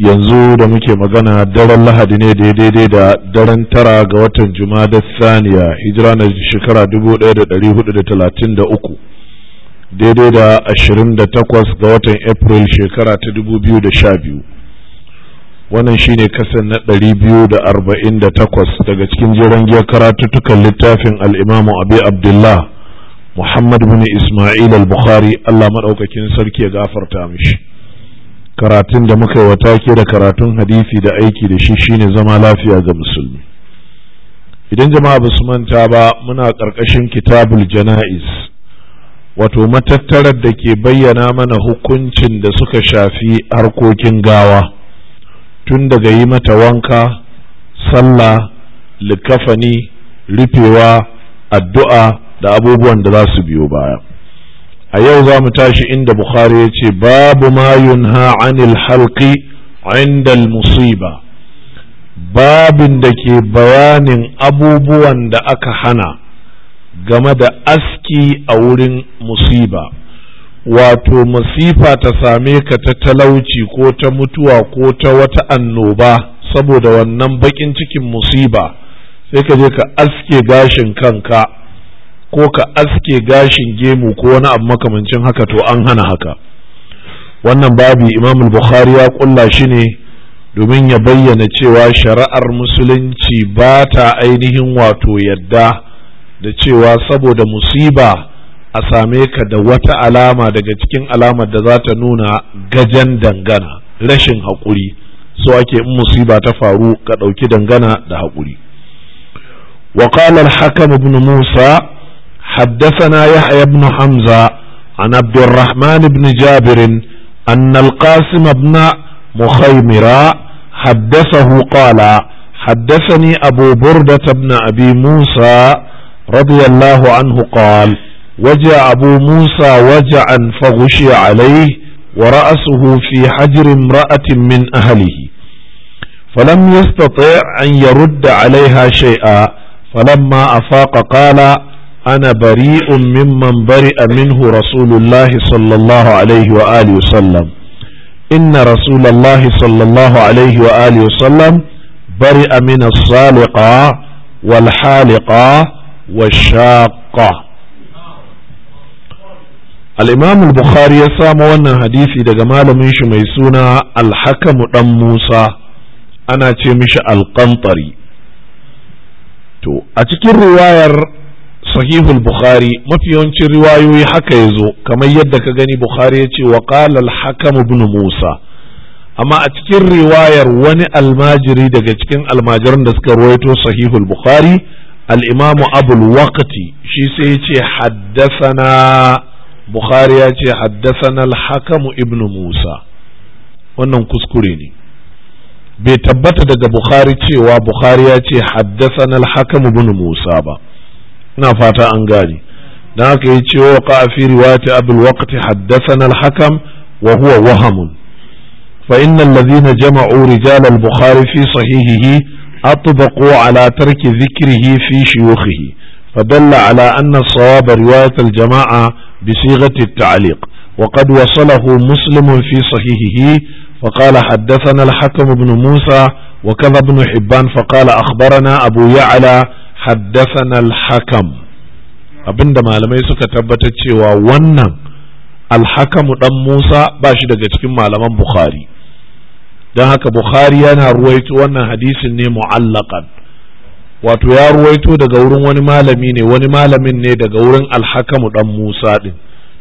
yanzu da muke magana daren lahadi ne daidai da daren tara ga watan da saniya hijira na shekara 1433 daidai da 28 ga watan april shekara ta 2012 wannan shine kasan na 248 daga cikin jiran giyar karatuttukan littafin al'imamu abi abdullah muhammad bin ismail al-bukhari allah maɗaukakin sarki ya gafarta mishi karatun da muka yi wa take da karatun hadisi da aiki da shi shine zama lafiya ga musulmi idan jama'a ba su manta ba muna ƙarƙashin kitabul jana'iz wato matattarar da ke bayyana mana hukuncin da suka shafi harkokin gawa tun daga yi mata wanka sallah likafani rufewa addu'a da abubuwan da za su biyo baya a yau za mu tashi inda bukhari ya ce babu ma yunha anil halki inda musiba babin da ke bayanin abubuwan da aka hana game da aski a wurin musiba wato masifa ta same ka ta talauci ko ta mutuwa ko ta wata annoba saboda wannan bakin cikin musiba sai ka je ka aske gashin kanka ko ka aske gashin gemu ko wani abu makamancin haka to an hana haka wannan babu imam bukhari ya kulla shi ne domin ya bayyana cewa shari'ar musulunci ba ta ainihin wato yadda da cewa saboda musiba a same ka da wata alama daga cikin alamar da za ta nuna gajen dangana rashin haƙuri so ake in musiba ta faru ka ɗauki dangana da haƙuri وقال الحكم بن Musa. حدثنا يحيى بن حمزة عن عبد الرحمن بن جابر أن القاسم بن مخيمرا حدثه قال حدثني أبو بردة بن أبي موسى رضي الله عنه قال وجع أبو موسى وجعا فغشي عليه ورأسه في حجر امرأة من أهله فلم يستطع أن يرد عليها شيئا فلما أفاق قال ana bari'un mimman bari'a minhu rasulullahi sallallahu alaihi wa alihi wasallam inna rasulullahi sallallahu alaihi wa alihi wasallam bari'a min saliqa wal haliqa wash-shaqqa al bukhari ya samo wannan hadisi daga malamin shi mai suna al ɗan Musa ana ce mishi al to a cikin riwayar sahihul bukhari mafi yawancin riwayoyi haka ya zo kamar yadda ka gani bukhari ya ce wa qala al ibn musa amma a cikin riwayar wani almajiri daga cikin almajiran da suka ruwaito sahihul bukhari al-imamu abul waqti shi sai ya ce haddasana bukhari ya ce haddasana al-hakamu ibn musa wannan kuskure ne bai tabbata daga bukhari cewa bukhari ya ce haddasana al-hakamu ibn musa ba ina fata an gane don haka yi ce wa ƙafi riwata abu lokaci haddasan alhakam wa huwa wahamun fa inna allazina jama'u rijal al-bukhari fi sahihihi atbaqu ala tarki dhikrihi fi shuyukhihi fa dalla ala anna sawab riwayat al-jama'a bi sighati at-ta'liq wa qad wasalahu muslim fi sahihihi fa qala haddathana al musa wa kadha ibn hibban fa qala akhbarana abu ya'la haddasana al abinda malamai suka tabbatar cewa wannan alhakamu ɗan Musa ba shi daga cikin malaman Bukhari don haka Bukhari yana ruwaito wannan hadisin ne mu'allaqan wato ya ruwaito daga wurin wani malami ne wani malamin ne daga wurin alhakamu ɗan Musa ɗin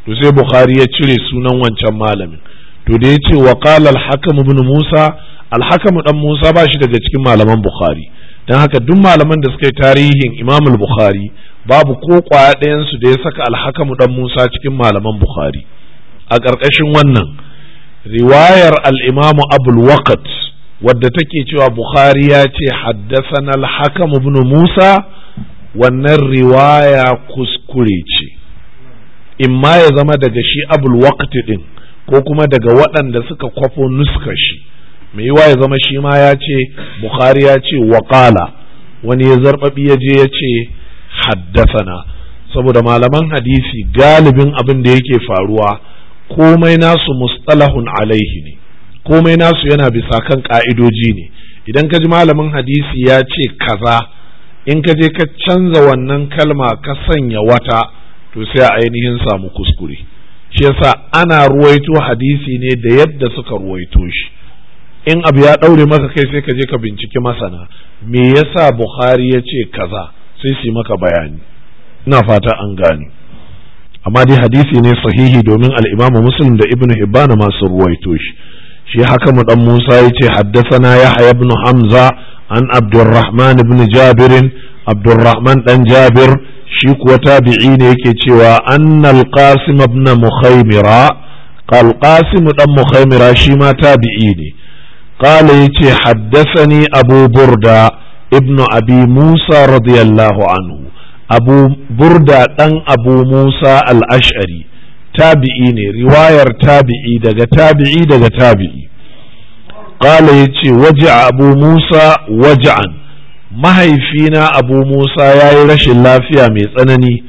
to sai Bukhari ya cire sunan wancan malamin to da ya ce wa qala alhakamu ibn Musa alhakamu ɗan Musa ba shi daga cikin malaman Bukhari don haka duk malaman da suka yi tarihin imam bukhari babu ko kwaya ɗayansu da ya saka alhakamu dan musa cikin malaman bukhari a ƙarƙashin wannan riwayar al'imamu abul waqt wadda take cewa bukhari ya ce haddasana alhakamu ibn musa wannan riwaya kuskure ce In ma ya zama daga shi abul waqt din ko kuma daga waɗanda suka kwafo nuskar shi mai wa ya zama shi ma ya ce bukhari ya ce waƙala wani ya zarɓaɓi ya je ya ce haddasana saboda malaman hadisi galibin abin da yake faruwa komai nasu mustalahun alaihi ne komai nasu yana bisa kan ka'idoji ne idan ka ji malamin hadisi ya ce kaza in ka je ka canza wannan kalma ka sanya wata to sai a ainihin samu kuskure shi yasa ana ruwaito hadisi ne da yadda suka ruwaito shi in abu ya ɗaure maka kai sai ka je ka binciki masana me yasa bukhari ya ce kaza sai su maka bayani ina fata an gani. amma dai hadisi ne sahihi domin al'imamu muslim da ibnu hibban masu ruwaito shi shi haka mu dan musa ya ce haddasana yahya ibn hamza an abdurrahman ibn jabir abdurrahman dan jabir shi kuwa tabi'i ne yake cewa annal qasim ibn mukhaymira qal qasim dan mukhaymira shi ma tabi'i ne qala yace haddathani abu burda ibnu abi musa radiyallahu anhu abuburda burda dan abu musa al-ash'ari tabi'i ne riwayar tabi'i daga tabi'i daga tabi'i qala yace waja'a abu musa waja'an mahaifina abu musa yayi rashin lafiya mai tsanani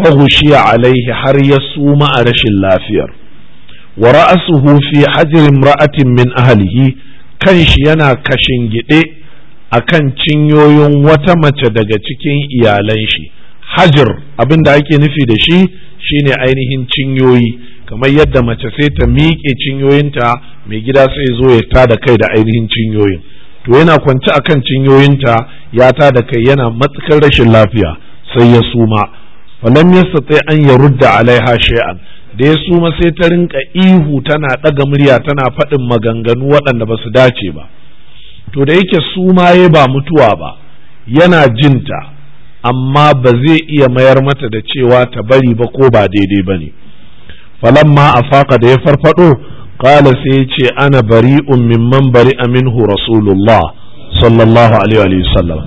faghushiya alaihi har ya suma a rashin lafiyar wa ra'asuhu fi hajrin ra'atin min ahlihi kanshi yana kashin gide a kan cinyoyin wata mace daga cikin iyalan shi hajir abin da ake nufi da shi shine ainihin cinyoyi kamar yadda mace sai ta miƙe cinyoyinta mai gida sai zo ya tada kai da ainihin cinyoyin to yana kwance akan cinyoyinta ya tada kai yana matsakar rashin lafiya sai ya suma falam yastati an yarudda alaiha shay'an da ya suma sai ta rinka ihu tana ɗaga murya tana faɗin maganganu waɗanda ba su dace ba to da yake suma ya ba mutuwa ba yana jinta amma ba zai iya mayar mata da cewa ta bari ba ko ba daidai ba ne ma a faka da ya farfaɗo ƙala sai ya ce ana bari'un mimman bari minhu rasulullah sallallahu alaihi wa sallam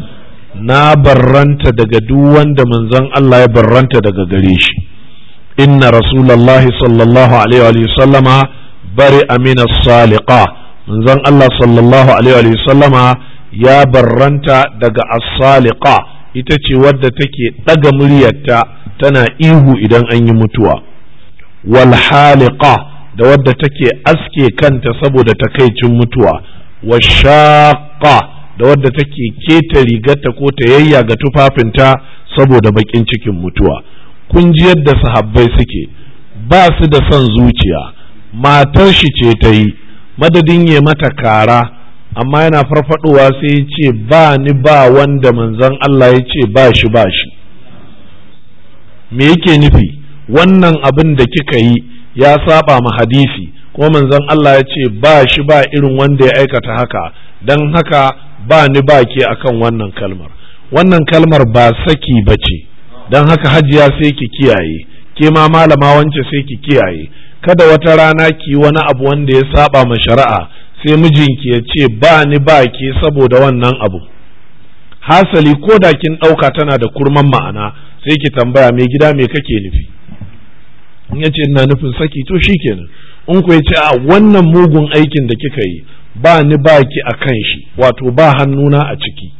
na barranta daga duk wanda manzon Allah ya barranta daga gare shi inna rasulullahi sallallahu alaihi wa sallama bari amina saliqa manzon Allah sallallahu alaihi wa sallama ya barranta daga as-saliqa ita ce wadda take daga muryarta tana ihu idan an yi mutuwa wal haliqa da wadda take aske kanta saboda takaicin mutuwa wa shaqqa da wadda take keta rigarta ko ta yayya ga tufafinta saboda bakin cikin mutuwa kun ji yadda sahabbai suke ba su da son zuciya matar shi ce ta yi madadin ya mata kara amma yana farfadowa sai ya ce ba ni ba wanda manzon Allah ya ce ba shi ba shi me yake nufi wannan abin da kika yi ya saba ma hadisi kuma manzon Allah ya ce ba shi ba irin wanda ya aikata haka don haka ba ni ba ke akan wannan kalmar wannan kalmar ba saki ba ce don haka hajiya sai ki kiyaye ke ma malama wance sai ki kiyaye kada wata rana ki wani abu wanda ya saba ma shari'a sai mijinki ya ce ba ni ba saboda wannan abu hasali ko da kin ɗauka tana da kurman ma'ana sai ki tambaya mai gida me kake nufi in ya ce ina nufin saki to shikenan in ku ya ce a wannan mugun aikin da kika yi ba ni baki a kan shi wato ba hannuna a ciki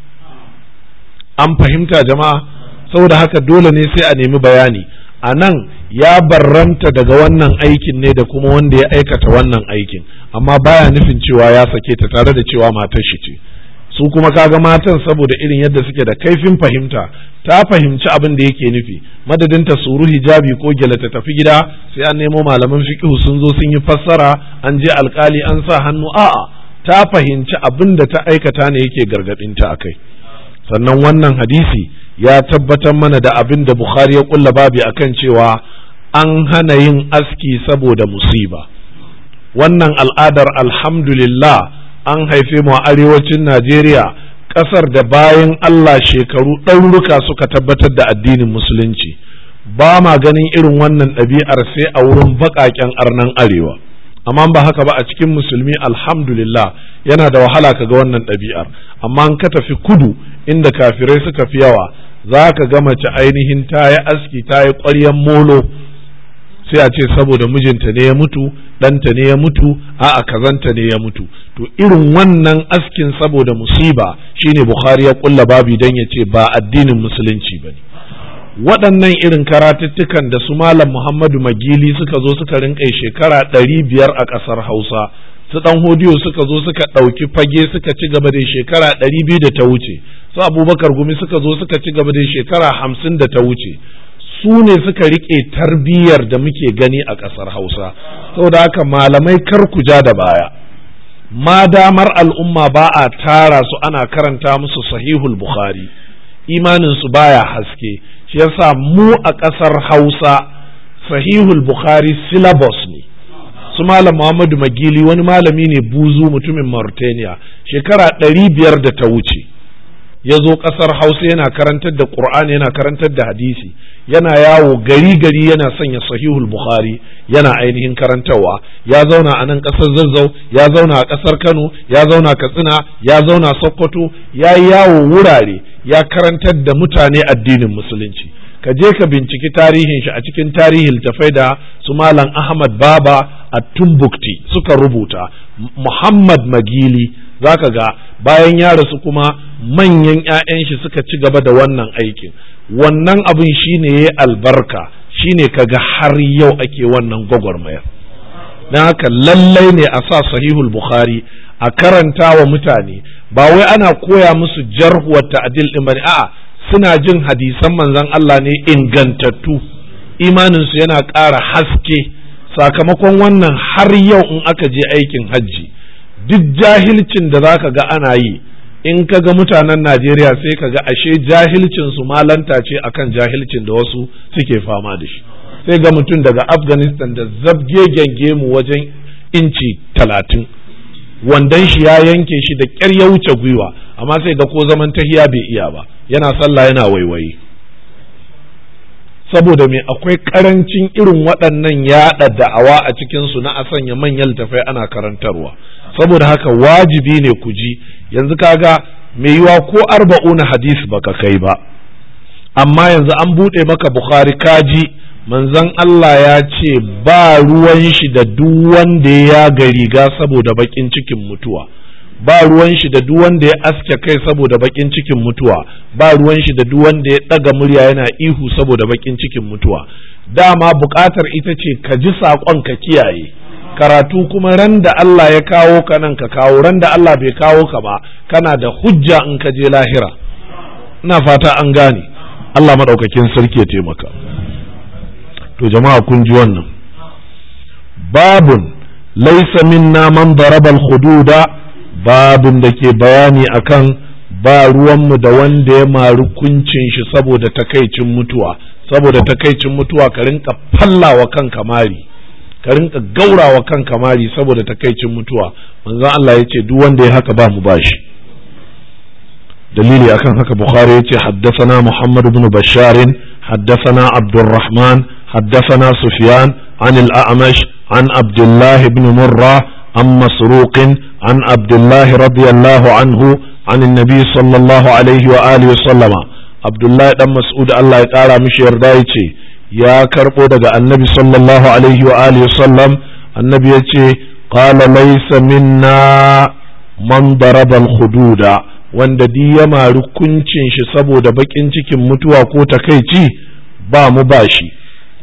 an fahimta jama'a saboda haka dole ne sai a nemi bayani a nan ya barranta daga wannan aikin ne da kuma wanda ya aikata wannan aikin amma baya nufin cewa ya sake ta tare da cewa matar shi ce su kuma ka ga matan saboda irin yadda suke da kaifin fahimta ta fahimci abin da yake nufi madadin ta suru hijabi ko gele ta tafi gida sai an nemo malaman fiqh sun zo sun yi fassara an je alkali an sa hannu a'a ta fahimci abin da ta aikata ne yake gargadinta a kai sannan wannan hadisi ya tabbatar mana da abin da bukhari ya ƙulla babi akan cewa an hana yin aski saboda musiba wannan al'adar alhamdulillah an haife mu a arewacin najeriya ƙasar da bayan allah shekaru ɗauruka suka tabbatar da addinin musulunci ba ma ganin irin wannan ɗabi'ar sai a wurin baƙaƙen arnan arewa amma ba haka ba a cikin musulmi alhamdulillah yana da wahala ka ga wannan ɗabi'ar amma in ka tafi kudu inda kafirai suka fi yawa za ka ga mace ainihin ta yi aski ta yi ƙwaryen molo sai a ce saboda mijinta ne ya mutu ɗanta ne ya mutu a'a kazanta ne ya mutu to irin wannan askin saboda musiba shine bukhari ya ƙulla babi don ya ce ba addinin musulunci bane waɗannan irin karatuttukan da su malam muhammadu magili suka zo suka rinƙa shekara ɗari biyar a ƙasar hausa su ɗan hodiyo suka zo suka ɗauki fage suka ci gaba da shekara ɗari biyu da ta wuce su abubakar gumi suka zo suka ci gaba da shekara hamsin da ta wuce su ne suka riƙe tarbiyyar da muke gani a ƙasar hausa saboda haka malamai kar ku ja da baya ma damar al'umma ba a tara su ana karanta musu sahihul bukhari imanin su baya haske shi yasa mu a ƙasar hausa sahihul bukhari syllabus ne su malam muhammadu magili wani malami ne buzu mutumin mauritania shekara ɗari biyar da ta wuce ya zo ƙasar hausa yana karantar da ƙur'ani yana karantar da hadisi yana yawo gari gari yana sanya sahihul bukhari yana ainihin karantarwa ya zauna a nan ƙasar zazzau ya zauna a ƙasar kano ya zauna katsina ya zauna sokoto ya yawo wurare ya karantar da mutane addinin musulunci ka je ka binciki tarihin shi a cikin tarihin tafai da su malam ahmad baba a tumbukti suka rubuta muhammad magili Za ka ga bayan ya rasu kuma manyan 'ya'yan shi suka ci gaba da wannan aikin wannan abin ne ya albarka shi ne ka ga har yau ake wannan gwagwarmayar don haka lallai ne a sa sahihul bukhari a karanta wa mutane ba wai ana koya musu jarhu wa ta'dil din bane a'a suna jin hadisan manzon Allah ne ingantattu imanin su yana ƙara haske sakamakon wannan har yau in aka je aikin hajji duk jahilcin da zaka ga ana yi in ka ga mutanen Najeriya sai ka ga ashe jahilcin su malanta ce akan jahilcin da wasu suke fama da shi sai ga mutum daga Afghanistan da zabge gemu wajen inci talatin wandan shi ya yanke shi da ƙyar ya wuce gwiwa amma sai da ko zaman tahiya bai iya ba yana sallah yana waiwayi saboda me akwai karancin irin waɗannan yaɗa da'awa a cikinsu na a sanya manyan littafai ana karantarwa saboda haka wajibi ne ku ji yanzu kaga mai yiwa ko arba'una hadis baka kai ba amma yanzu an buɗe maka bukhari kaji manzon Allah ya ce ba ruwan shi da duk wanda ya ga riga saboda bakin cikin mutuwa ba ruwan shi da duk wanda ya aske kai saboda bakin cikin mutuwa ba ruwan shi da duk wanda ya daga murya yana ihu saboda bakin cikin mutuwa dama bukatar ita ce ka ji saƙon ka kiyaye karatu kuma ran da Allah ya kawo ka nan ka kawo ran da Allah bai kawo ka ba kana da hujja in ka je lahira ina fata an gane Allah madaukakin sarki ya taimaka to jama'a kun ji wannan babun laisa minna man darabal hududa babun da ke bayani akan ba ruwanmu da wanda ya mari kuncin shi saboda takaicin mutuwa saboda takaicin mutuwa ka rinka fallawa kanka mari ka rinka gaurawa kanka mari saboda takaicin mutuwa manzo Allah yace ce duk wanda ya haka ba mu bashi dalili akan haka bukhari ya ce haddasana muhammad ibn basharin haddasana abdurrahman حدثنا سفيان عن الأعمش عن عبد الله بن مرة عن مسروق عن عبد الله رضي الله عنه عن النبي صلى الله عليه وآله وسلم عبد الله بن مسعود الله يقال مش يردايتي يا كربو دقى النبي صلى الله عليه وآله وسلم النبي يتي قال ليس منا من ضرب الخدود wanda di ya mari kuncin shi saboda bakin cikin mutuwa ko takaici ba mu ba shi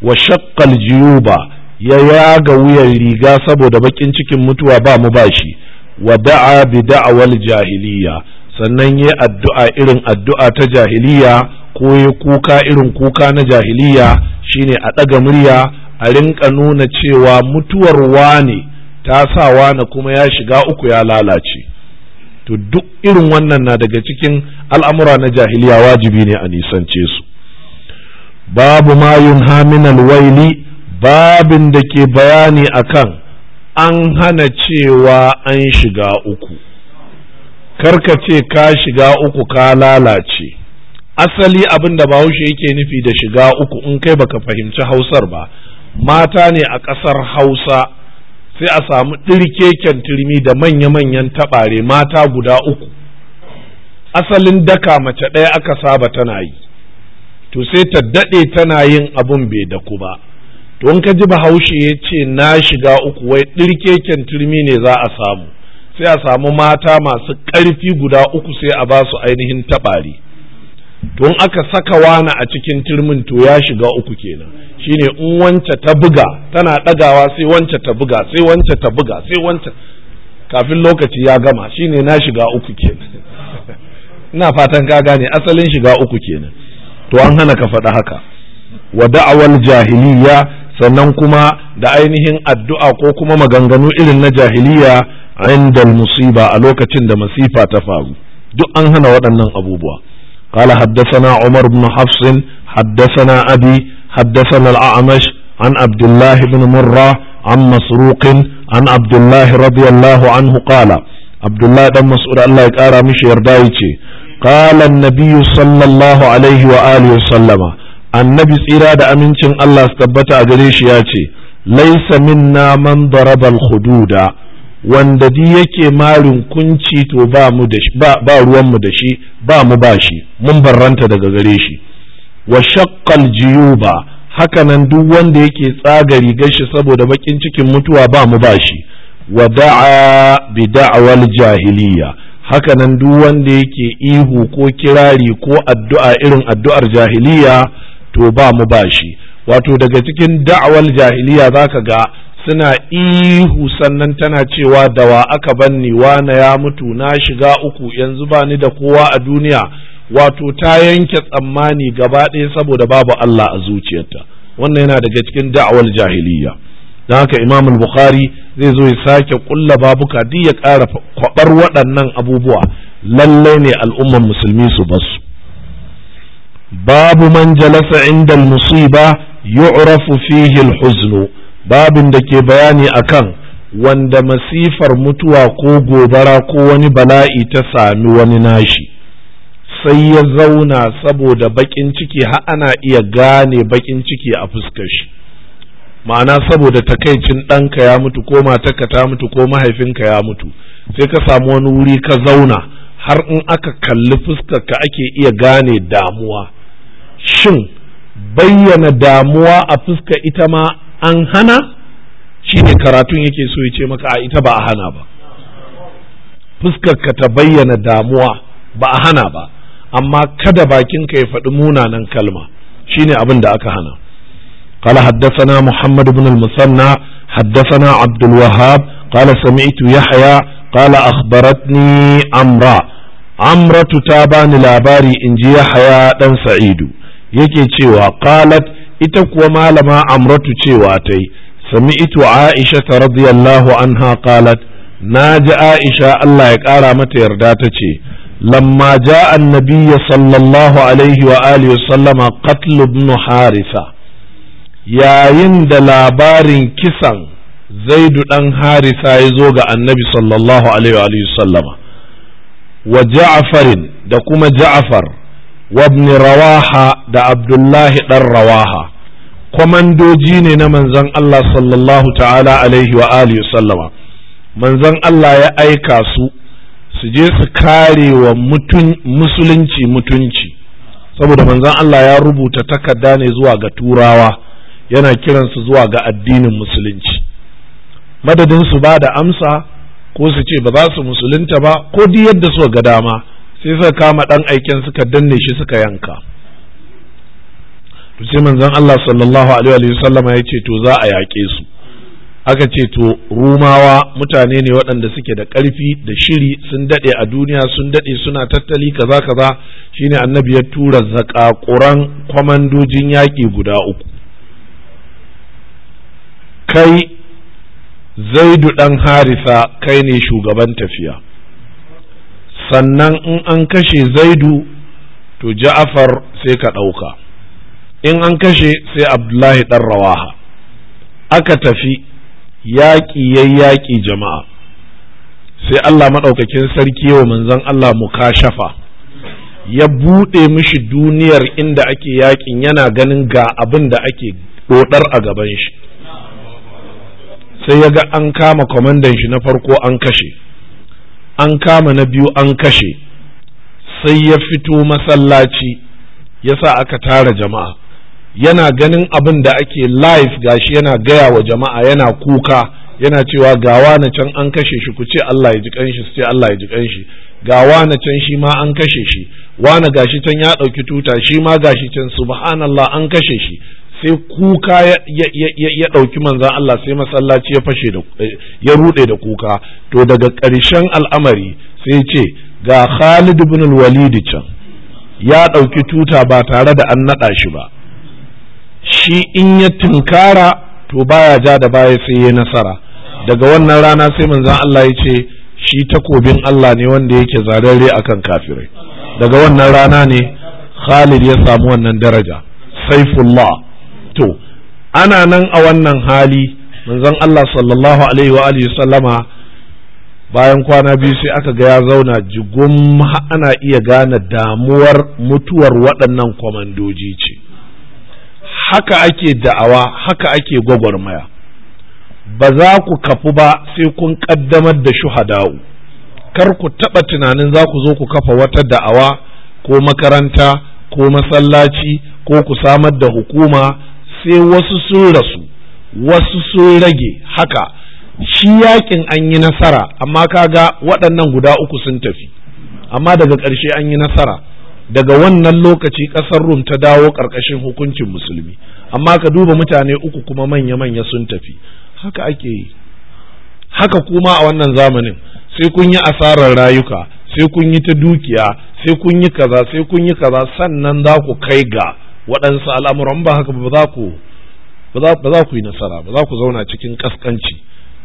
wa shaqqal jiyuba ya yaga wuyan riga saboda bakin cikin mutuwa ba mu bashi wa da'a bi da'awal jahiliya sannan ya addu'a irin addu'a ta jahiliya ko ya kuka irin kuka na jahiliya shine a ɗaga murya a rinka nuna cewa mutuwar wane ta sa wane kuma ya shiga uku ya lalace to duk irin wannan na daga cikin al'amura na jahiliya wajibi ne a nisance su babu mayun yunha min alwaili babin da ke bayani akan an hana cewa an shiga uku karka ce ka shiga uku ka lalace asali abin da bahaushe yake nufi da shiga uku in kai baka fahimci hausar ba mata ne a ƙasar hausa sai a samu ɗirkeken turmi da manya-manyan taɓare mata guda uku asalin daka mace ɗaya aka saba tana yi to sai ta daɗe tana yin abun bai da ku ba to in ka ji bahaushe ya ce na shiga uku wai ɗirkeken turmi ne za a samu sai a samu mata masu ƙarfi guda uku sai a ba su ainihin taɓari to in aka saka wani a cikin turmin to ya shiga uku kenan shine in wance ta buga tana ɗagawa sai wance ta buga sai wance ta buga sai wance kafin lokaci ya gama shine na shiga uku kenan ina fatan ka gane asalin shiga uku kenan to an hana ka faɗi haka wa da'awar jahiliya sannan kuma da ainihin addu'a ko kuma maganganu irin na jahiliya inda musiba a lokacin da masifa ta faru duk an hana waɗannan abubuwa قال حدثنا عمر بن حفص حدثنا أبي حدثنا الأعمش عن عبد الله بن مرة عن مسروق عن عبد الله رضي الله عنه قال عبد الله بن مسعود الله يقارى مش يردايتي قال النبي صلى الله عليه وآله وسلم النبي tsira da amincin Allah su tabbata a gare shi ya ce laisa minna man darabal hududa wanda di yake marin kunci to ba mu da shi ba ruwanmu da shi ba mu ba shi mun barranta daga gare shi wa shaqqal jiyuba hakanan duk wanda yake tsaga rigar shi saboda bakin cikin mutuwa ba mu ba shi wa da'a bi da'wal jahiliya haka nan duk wanda yake ihu ko kirari ko addu'a irin addu'ar jahiliya to ba mu ba shi wato daga cikin da'awar jahiliya zaka ga suna ihu sannan tana cewa dawa aka banni wane ya mutu na shiga uku yanzu ba ni da kowa a duniya wato ta yanke tsammani gaba ɗaya saboda babu Allah a zuciyarta wannan yana daga cikin da'awar jahiliya Da haka imam bukhari zai zo ya sake kulla babuka duk ya ƙara kwabar waɗannan abubuwa lallai ne al'umman musulmi su basu babu man jalasa inda musiba yu'rafu fihi al-huzn babin da ke bayani akan wanda masifar mutuwa ko gobara ko wani bala'i ta sami wani nashi sai ya zauna saboda bakin ciki har ana iya gane bakin ciki a fuskar shi ma'ana saboda takaicin ɗanka ya mutu ko matarka ta mutu ko mahaifinka ya mutu sai ka samu wani wuri ka zauna har in aka kalli ka ake iya gane damuwa shin bayyana damuwa a fuska ita ma an hana shi ne karatun yake so ya ce maka a ita ba a hana ba fuskarka ta bayyana damuwa ba a hana ba amma kada bakinka ya faɗi munanan kalma shi ne abin da aka hana قال حدثنا محمد بن المثنى حدثنا عبد الوهاب قال سمعت يحيى قال أخبرتني أمرا أمرة تابان لاباري إنجي يحيى دان سعيد يكي تشيوها قالت إتكوى مالما أمرة تشيواتي سمعت عائشة رضي الله عنها قالت ناج عائشة الله يكارا متى يرداتتي لما جاء النبي صلى الله عليه وآله وسلم قتل ابن حارثة yayin da labarin kisan zaidu ɗan harisa ya zo ga annabi sallallahu alaihi sallama wa ja'afarin da kuma ja'far wa ibn rawaha da abdullahi ɗan rawaha kwamandoji ne na manzon Allah sallallahu ta'ala alaihi wa alihi sallama manzon Allah ya aika su su je su kare wa musulunci mutunci saboda manzon Allah ya rubuta takarda ne zuwa ga turawa yana kiransu zuwa ga addinin musulunci madadin su ba da amsa ko su ce ba za su musulunta ba ko duk yadda suka ga dama sai suka kama dan aikin suka danne shi suka yanka to sai manzon Allah sallallahu alaihi wa sallama ya ce to za a yaƙe su aka ce to rumawa mutane ne waɗanda suke da ƙarfi da shiri sun daɗe a duniya sun daɗe suna tattali kaza kaza shine annabi ya tura zakakuran kwamandojin yaƙi guda uku kai zaidu ɗan harisa kai ne shugaban tafiya sannan in an kashe zaidu to ja'afar sai ka ɗauka in an kashe sai abdullahi ɗan rawaha aka tafi yaƙi ya yaƙi jama'a sai Allah maɗaukakin sarki wa manzon Allah mu kashafa ya buɗe mishi duniyar inda ake yaƙin yana ganin ga abin da ake ɗoɗar a gaban shi sai ya ga an kama kwamandan shi na farko an kashe an kama na biyu an kashe sai ya fito masallaci ya sa aka tara jama'a yana ganin abin da ake live gashi yana gaya wa jama'a yana kuka yana cewa gawa na can an kashe shi ku ce Allah ya ji kanshi su ce Allah ya ji kanshi gawa na can shi ma an kashe shi wani gashi can ya ɗauki tuta shi ma gashi can subhanallah an kashe shi sai kuka ya ɗauki manzan Allah sai masallaci ya fashe da eh, ya ruɗe da kuka to daga ƙarshen al'amari sai ce ga Khalid ibn walid can ya ɗauki tuta ba tare da an naɗa shi ba shi in ya tunkara to baya ja da baya sai ya nasara daga wannan rana sai manzan Allah ya ce shi takobin Allah ne wanda yake zararre akan kafirai daga wannan rana ne Khalid ya samu wannan daraja saifullah to ana nan a wannan hali manzon Allah sallallahu alaihi wa alihi sallama bayan kwana biyu sai aka ga ya zauna jigun ana iya gane damuwar mutuwar waɗannan kwamandoji ce haka ake da'awa haka ake gwagwarmaya ba za ku kafu ba sai kun ƙaddamar da shuhada'u kar ku taɓa tunanin za ku zo ku kafa wata da'awa ko makaranta ko masallaci ko ku samar da hukuma sai wasu sun rasu wasu sun rage haka shi yakin an yi nasara amma kaga waɗannan guda uku sun tafi amma daga ƙarshe an yi nasara daga wannan lokaci ƙasar rum ta dawo ƙarƙashin hukuncin musulmi amma ka duba mutane uku kuma manya-manya sun tafi haka ake yi haka kuma a wannan zamanin sai kun yi asarar rayuka sai kun yi ta dukiya sai kun yi kaza sai kun yi kaza sannan za ku kai ga waɗansu al'amuran ba haka ba za ku yi nasara ba za ku zauna cikin ƙasƙanci.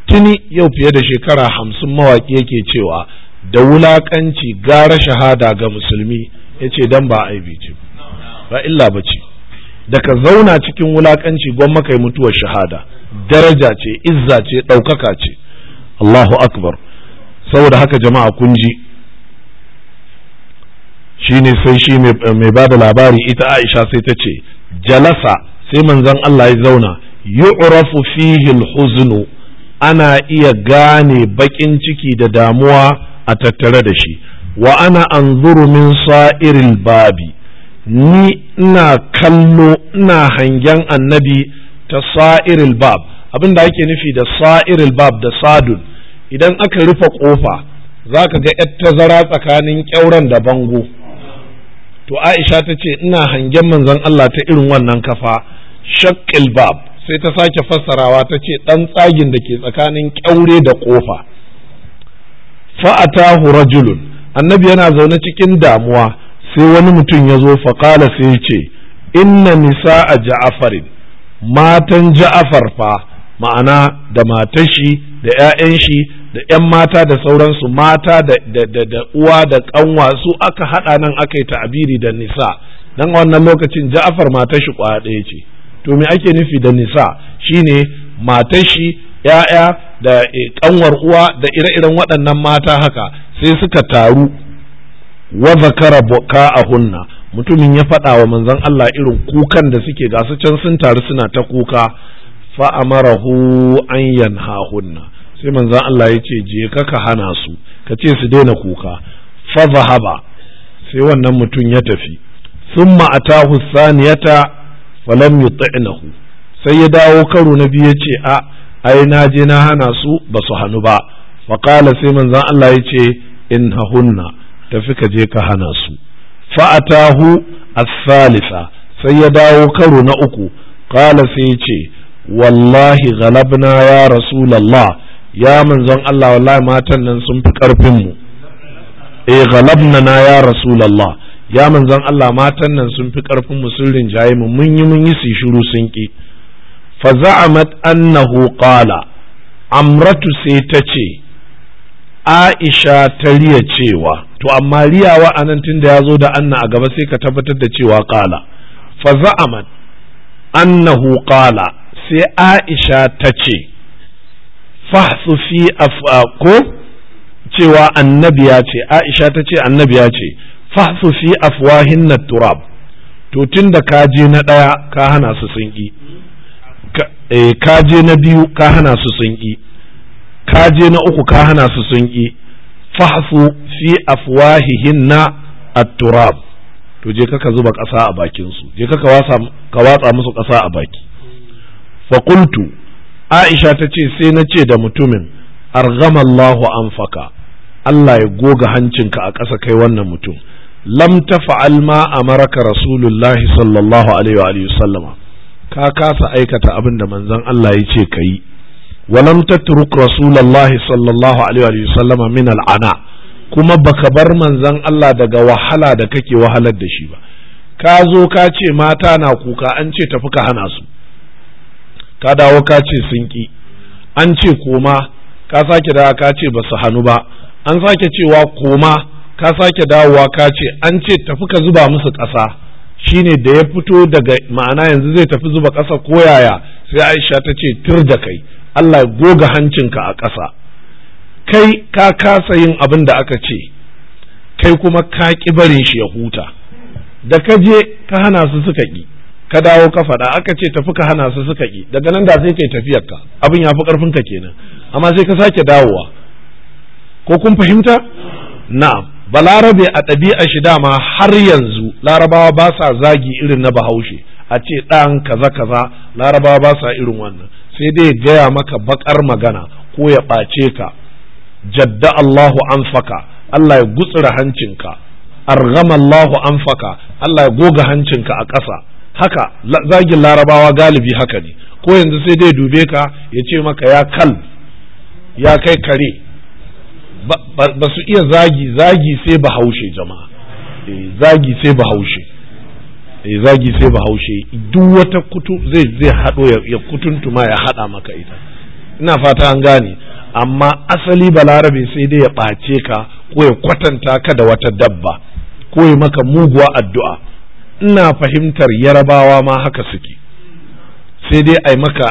tuni yau fiye da shekara hamsin mawaƙi yake cewa da wulaƙanci gara shahada ga musulmi ya ce don ba aibi ce ba illa ba ce da ka zauna cikin wulaƙanci gwamma kai mutuwar shahada daraja ce izza ce ɗaukaka ce Allahu akbar saboda haka jama'a kun ji Shi ne sai shi mai ba da labari ita aisha sai ta ce jalasa sai manzon Allah ya zauna yu'rafu fihi al ana iya gane bakin ciki da damuwa a tattare da shi wa ana anzuru min sa'iril babi ni ina kallo ina hangen annabi ta sa'iril bab abin da ake nufi da sa'iril bab da sadun idan aka rufe kofa za ka ga 'yar tazara tsakanin ƙyauren da bango to aisha ta ce ina hangen manzon Allah ta irin wannan kafa shakil bab sai ta sake fassarawa ta ce dan tsagin da ke tsakanin kyaure da kofa fa'atahu rajulun annabi yana zaune cikin damuwa sai wani mutum ya zo faƙala sai ya ce inna nisa a ja'afarin matan ja'afar fa ma'ana da matashi da 'ya'yan shi da 'yan mata da sauransu mata da uwa da kanwa su aka haɗa nan aka yi ta'abiri da nisa don wannan lokacin ja'afar matar shi kwa ɗaya ce to me ake nufi da nisa shine matar shi ya'ya da kanwar e, uwa da ire-iren waɗannan mata haka sai suka taru wa zakara hunna mutumin ya faɗa wa manzon Allah irin kukan da suke gasu can sun taru suna ta kuka fa amarahu an hunna. sai manzan Allah ya ce je ka ka hana su ka ce su daina kuka fa zahaba sai wannan mutum ya tafi thumma atahu saniyata lam yuti'nahu sai ya dawo karo na biyu ya ce a ai na je na hana su ba su hanu ba faƙala sai manzan Allah ya ce in hahunna tafi ka je ka hana su fa'atahu as-salisa sai ya dawo karo na uku kala sai ya ce wallahi galabna ya rasulallah ya manzon Allah wallahi matan nan sun fi karfin mu eh galabna na ya rasulullah ya manzon Allah matan nan sun fi karfin mu sun rinjaye mu mun yi mun yi su shiru sun ki fa za'amat annahu qala amratu sai ta ce Aisha ta riya cewa to amma riyawa anan tunda ya zo da anna a gaba sai ka tabbatar da cewa qala fa za'amat annahu qala sai Aisha ta ce fahsu fi ko cewa annabi ya ce aisha ta ce annabi ya ce fahsu fi afwahin na turab to tun da ka je na ɗaya ka hana su sun ƙi eh, ka je na biyu ka hana su sun ƙi ka je na uku ka hana su sun ƙi fahsu fi afwahihin na turab to je kaka zuba ƙasa a bakinsu je kaka ka watsa musu ƙasa a baki faƙultu aisha ta ce sai na ce da mutumin argamallahu anfaka Allah ya goga hancinka a ƙasa kai wannan mutum lam fa'al ma amaraka rasulullahi sallallahu alaihi wa sallama ka kasa aikata abin da manzan Allah ya ce ka yi ولم تترك turuk, الله sallallahu الله wa وسلم min al’ana kuma baka bar manzan Allah daga wahala da kake wahalar da shi ba ka zo ka ce mata na kuka an ce tafi ka hana su ka dawo ka ce sun ƙi. an ce koma ka sake dawa ka ce ba su hannu ba an sake cewa koma ka sake dawowa ka ce an ce tafi ka zuba musu ƙasa shine da ya fito daga ma'ana yanzu zai tafi zuba ƙasa ko yaya sai aisha ta ce tur da kai allah goga hancinka a ƙasa kai ka kasa yin abin da aka ce kai kuma ka ƙi barin shi ya huta da ka je ka hana su suka ƙi ka dawo ka faɗa aka ce tafi ka hana su suka ki daga nan da sai kai tafiyar ka abin ya fi ƙarfin ka kenan amma sai ka sake dawowa ko kun fahimta na'am balarabe a ɗabi'a shi dama har yanzu larabawa ba sa zagi irin na bahaushe a ce ɗan kaza kaza larabawa ba sa irin wannan sai dai gaya maka baƙar magana ko ya ɓace ka jadda Allahu an faka Allah ya gutsura hancinka argama Allahu an faka Allah ya goga hancinka a ƙasa haka zagin larabawa galibi haka ne ko yanzu sai dai dube ka ya ce maka ya kal ya kai kare ba su iya zagi zagi sai bahaushe jama'a eh, zagi sai bahaushe eh, zagi sai bahaushe duk wata kutu zai zai haɗo ya kutuntuma ya haɗa maka ita ina fata an gane amma asali balarabe sai dai ya ɓace ka ko ya kwatanta ka da wata dabba ko ya maka muguwa addu'a ina fahimtar yarabawa ma haka suke sai dai ai maka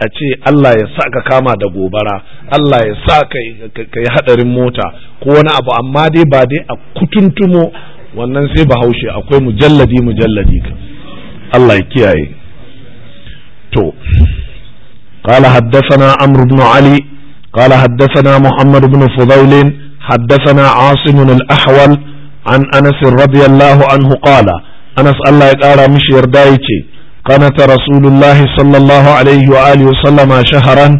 a ce Allah ya sa ka kama da gobara Allah ya sa ka yi hadarin mota ko wani abu amma dai ba dai a kutuntumo wannan sai bahaushe akwai mujalladi mujalladi ka Allah ya kiyaye to قال حدثنا عمرو بن علي قال حدثنا محمد بن فضيل حدثنا عاصم الأحول an anas radiyallahu anhu qala anas Allah ya ƙara mishi yarda yace qanata rasulullahi sallallahu alaihi wa alihi sallama shaharan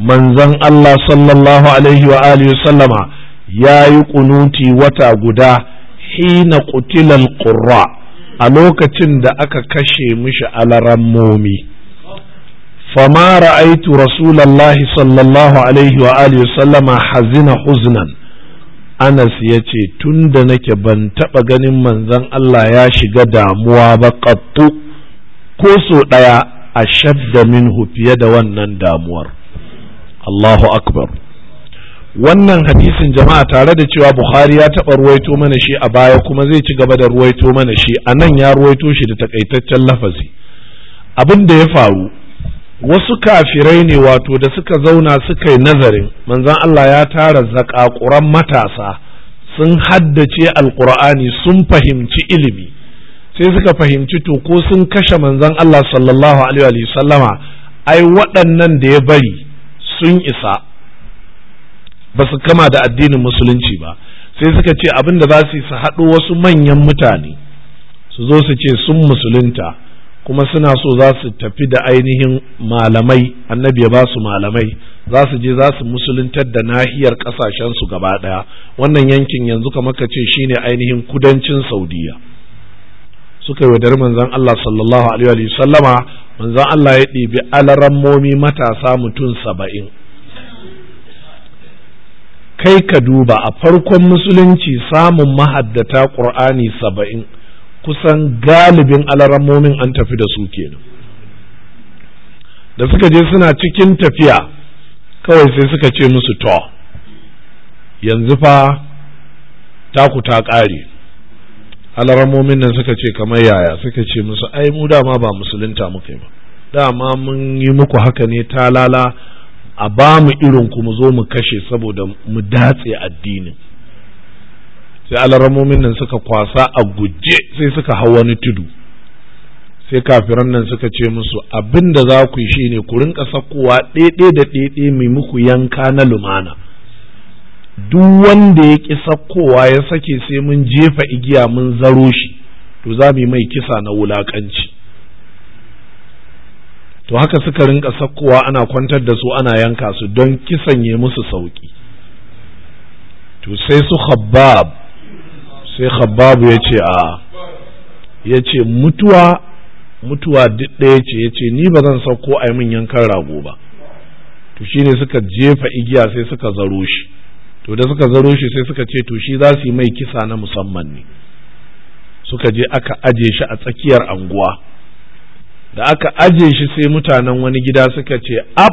manzon Allah sallallahu alaihi wa alihi sallama yayi kunuti wata guda hina qutilal qurra a lokacin da aka kashe mishi alarammomi fama ra'aitu rasulullahi sallallahu alaihi wa alihi sallama hazina huznan anas ya ce tun da nake ban taɓa ganin manzon Allah ya shiga damuwa ba ƙattu ko so ɗaya a shadda minhu fiye da wannan damuwar Allahu akbar wannan hadisin jama'a tare da cewa Bukhari ya taɓa ruwaito mana shi a baya kuma zai ci gaba da ruwaito mana shi a nan ya ruwaito shi da takaitaccen lafazi abin da ya faru wasu kafirai ne wato da suka zauna suka yi nazarin manzan Allah ya tara zakakuran matasa sun haddace alkur'ani sun fahimci ilimi sai suka fahimci to ko sun kashe manzan Allah sallallahu alaihi sallama ai waɗannan da ya bari sun isa ba su kama da addinin musulunci ba sai suka ce abinda da za su yi su haɗo wasu manyan mutane su zo su ce sun musulunta kuma suna so za su tafi da ainihin malamai annabi ya ba su malamai za su je za su musuluntar da nahiyar ƙasashensu gaba ɗaya wannan yankin yanzu kamar ka ce shine ainihin kudancin saudiya suka yi wadar manzan Allah sallallahu alaihi sallama manzan Allah ya ɗibi alarammomi matasa mutum saba'in kai ka duba a farkon musulunci samun mahaddata ƙur'ani saba'in kusan galibin alarammomin an tafi da su kenan da suka je suna cikin tafiya kawai sai suka ce musu to yanzu fa taku ta ƙare alaramomin nan suka ce kamar yaya suka ce musu ai mu dama ba musulunta muka yi ba dama mun yi muku haka ne talala a ba mu irin ku mu zo mu kashe saboda mu datse addinin sai alaramomin nan suka kwasa a guje sai suka hau wani tudu sai kafiran nan suka ce musu abin da za ku yi shine ku rinka sakkowa ɗaiɗe da ɗaiɗe mai muku yanka na lumana duk wanda ya ƙi sakkowa ya sake sai mun jefa igiya mun zaro shi to za mu yi mai kisa na wulaƙanci to haka suka rinka sakowa ana kwantar da su ana yanka su don kisan ya musu sauƙi to sai su habab. sai khababu ya ce a ya ce mutuwa mutuwa duk ɗaya ce ya ce ni ba zan sauko a yi min yankan rago ba to shi ne suka jefa igiya sai suka zaro shi to da suka zaro shi sai suka ce to shi za su yi mai kisa na musamman ne suka je aka aje shi a tsakiyar anguwa da aka aje shi sai mutanen wani gida suka ce ab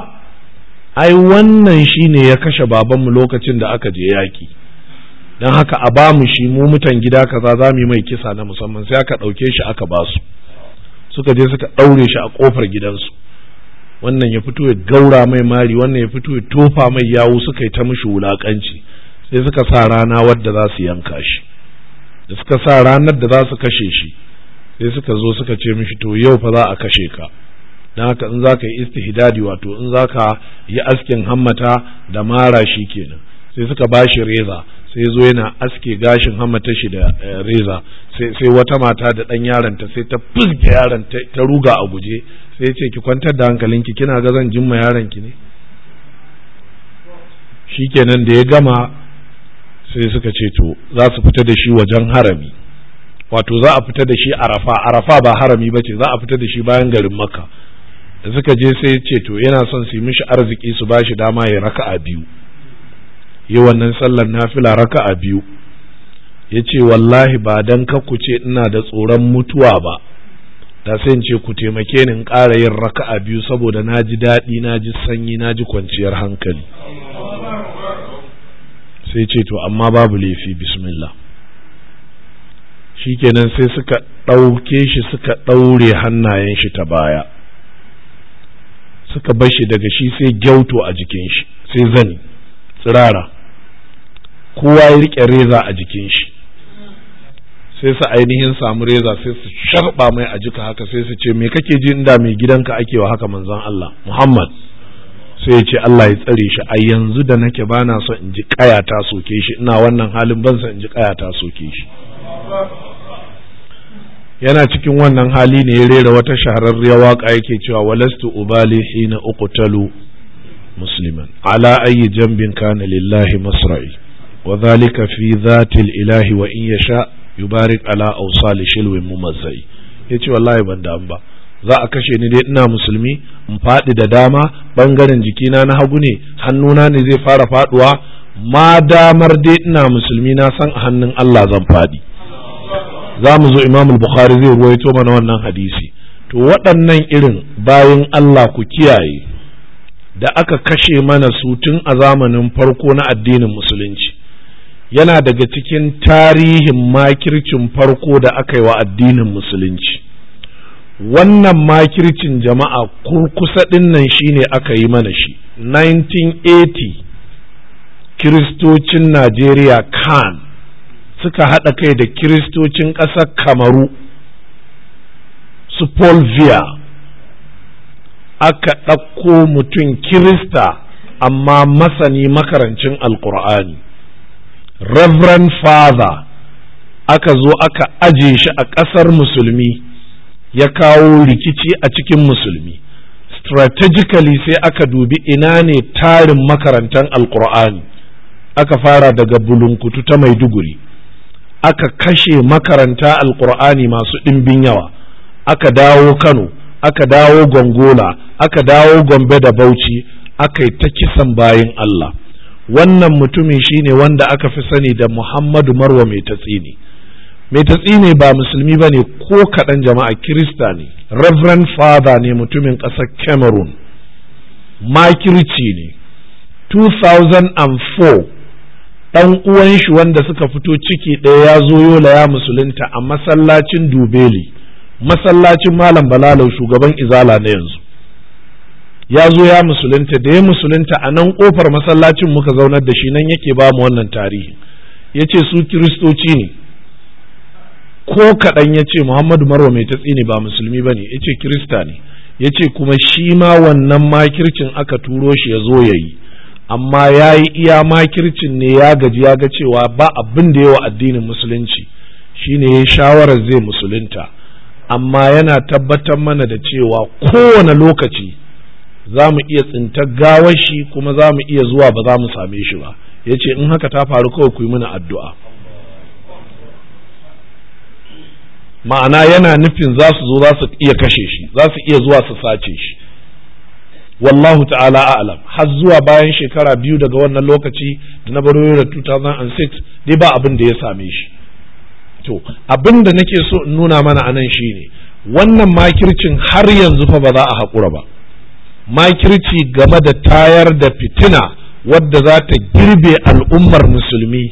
ai wannan shi ne ya kashe babanmu lokacin da aka je yaki don haka a ba mu shi mu mutan gida kaza za mu yi mai kisa na musamman sai aka ɗauke shi aka ba su suka je suka ɗaure shi a ƙofar gidansu wannan ya fito ya gaura mai mari wannan ya fito ya tofa mai yawu suka yi ta mushi wulaƙanci sai suka sa rana wadda za su yanka shi da suka sa ranar da za su kashe shi sai suka zo suka ce mishi to yau fa za a kashe ka don haka in za ka yi istihdadi wato in za ka yi askin hammata da mara shi kenan sai suka ba shi reza sai zo yana aske gashin hamata shi da eh, reza sai wata mata da ɗan yaranta sai ta fuska yaron ta ruga a guje sai ce ki kwantar da hankalinki kina ga zan jimma yaron ki ne shikenan da ya gama sai suka ce to za su fita da shi wajen harami wato za a fita da shi arafa arafa ba harami ba ce za a fita da shi bayan garin makka da suka je sai ce to yana son su yi mishi arziki su ba shi dama ya raka'a biyu yi wannan sallar nafila raka'a biyu ya ce wallahi ba don ku ce ina da tsoron mutuwa ba da sai ce ku taimake ni in ƙara yin raka'a biyu saboda na ji daɗi na ji sanyi na ji kwanciyar hankali sai ce to amma babu laifi bismillah shikenan sai suka ɗauke shi suka ɗaure hannayen shi ta baya suka bar shi daga shi sai gyauto a jikin shi sai zani tsirara kowa ya rike reza a jikin shi sai su ainihin samu reza sai su sharba mai a jika haka sai su ce me kake ji inda mai gidanka ake wa haka manzon Allah Muhammad sai ya ce Allah ya tsare shi a yanzu da nake bana so in ji kaya ta soke shi ina wannan halin ban so in ji kaya ta soke shi yana cikin wannan hali ne ya rera wata shahararriyar waka yake cewa walastu ubali hina uqtalu مسلما على أي جنب كان لله مصرعي وذلك في ذات الإله وإن يشاء يبارك على أوصال شلو ممزعي yace wallahi ban damu ba za a kashe ni dai ina musulmi in faɗi da dama ɓangaren jikina na hagu ne hannuna ne zai fara faɗuwa ma damar dai ina musulmi na san a hannun Allah zan faɗi za mu zo imam bukhari zai ruwaito mana wannan hadisi to waɗannan irin bayan Allah ku kiyaye da aka kashe mana su tun a zamanin farko na addinin musulunci yana daga cikin tarihin makircin farko da aka yi wa addinin musulunci wannan makircin jama'a kurkusa ɗinnan shine aka yi mana shi 1980 kiristocin najeriya kan suka haɗa kai da kiristocin ƙasar kamaru su paul aka ɗauko mutum kirista amma masani makarancin alkur'ani reverend father aka zo aka aje shi a ƙasar musulmi ya kawo rikici a cikin musulmi strategically sai aka dubi ina ne tarin makarantar alkur'ani aka fara daga bulunkutu ta maiduguri aka kashe makaranta alkur'ani masu ɗimbin yawa aka dawo kano aka dawo gongola aka dawo gombe da bauchi akai ta kisan bayan Allah wannan mutumin shine wanda aka fi sani da Muhammadu Marwa mai tatsini mai tatsini ba musulmi bane ko kaɗan jama'a kirista ne reverend father ne mutumin ƙasar cameroon makirci ne 2004 ɗan uwan shi wanda suka fito ciki ɗaya ya zo yola ya musulunta a masallacin dubeli masallacin malam balalau shugaban izala na yanzu ya zo ya musulunta da ya musulunta a nan kofar masallacin muka zaunar da shi nan yake ba mu wannan tarihi ya ce su kiristoci ne ko kaɗan ya ce muhammadu marwa mai tatsi ne ba musulmi ba ne ya ce kirista ne ya ce kuma shi ma wannan makircin aka turo shi ya zo ya yi amma ya yi iya makircin ne ya gaji ya ga cewa ba abin da yawa addinin musulunci shi ne ya shawarar zai musulunta amma yana tabbatar mana da cewa kowane lokaci za mu iya tsinta gawar shi kuma za mu iya zuwa ba za mu same shi ba ya ce in haka ta faru kawai ku yi mana addu'a ma'ana yana nufin za su zo za su iya kashe shi za su iya zuwa su sace shi wallahu ta'ala a'lam har zuwa bayan shekara biyu daga wannan lokaci da na baro da 2006 dai ba abin da ya same shi to abinda da nake so in nuna mana anan shine wannan makircin har yanzu fa ba za a haƙura ba makirci game da tayar da fitina wadda za ta girbe al'ummar musulmi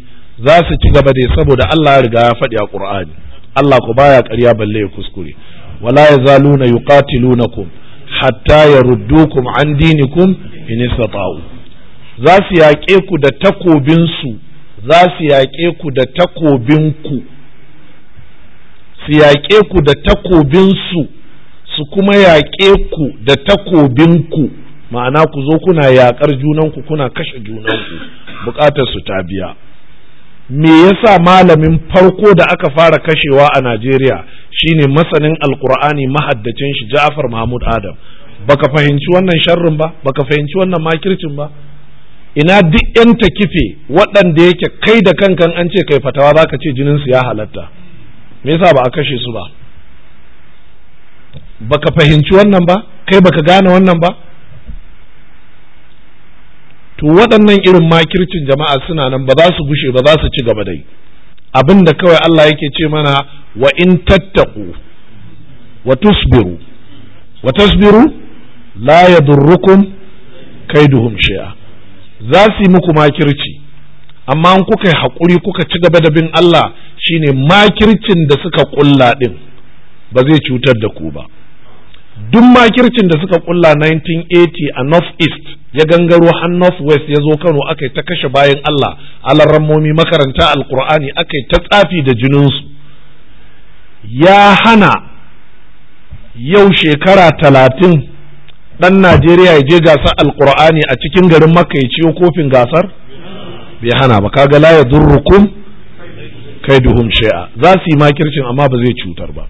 za su ci gaba dai saboda Allah ya riga ya faɗi a Qur'ani Allah ku baya ƙarya balle ya kuskure wala yazaluna yuqatilunakum hatta yaruddukum an dinikum in istata'u za su yaƙe ku da takobin su za su yaƙe ku da takobin ku su yaƙe ku da takobinsu su kuma yaƙe ku da takobinku ma'ana ku zo kuna yaƙar junanku kuna kashe junanku buƙatar su ta biya me yasa malamin farko da aka fara kashewa a Najeriya shine masanin alkur'ani mahaddacin shi Ja'far Mahmud Adam baka fahimci wannan sharrin ba baka fahimci wannan makircin ba ina duk yan takife waɗanda yake kai da kankan an ce kai fatawa zaka ce jinin su ya halatta me yasa ba a kashe su ba baka fahimci wannan ba kai baka gane wannan ba to waɗannan irin makircin jama'a suna nan ba za su gushe ba za su ci gaba dai abin da kawai Allah yake ce mana wa in tattaku wa tusbiru wa tasbiru la yadurrukum kaiduhum shay'a za su yi muku makirci amma in kuka yi haƙuri kuka ci gaba da bin Allah shine makircin da suka ƙulla ɗin ba zai cutar da ku ba duk makircin da suka ƙulla 1980 a north east ya gangaro har north west ya zo kano aka ta kashe bayan Allah alarrammomi makaranta alkur'ani aka ta tsafi da jininsu ya hana yau shekara talatin ɗan Najeriya ya je gasar alkur'ani a cikin garin Makka ya ciyo kofin gasar bai hana ba kaga la yadurrukum kaiduhum shay'a za su yi makircin amma ba zai cutar ba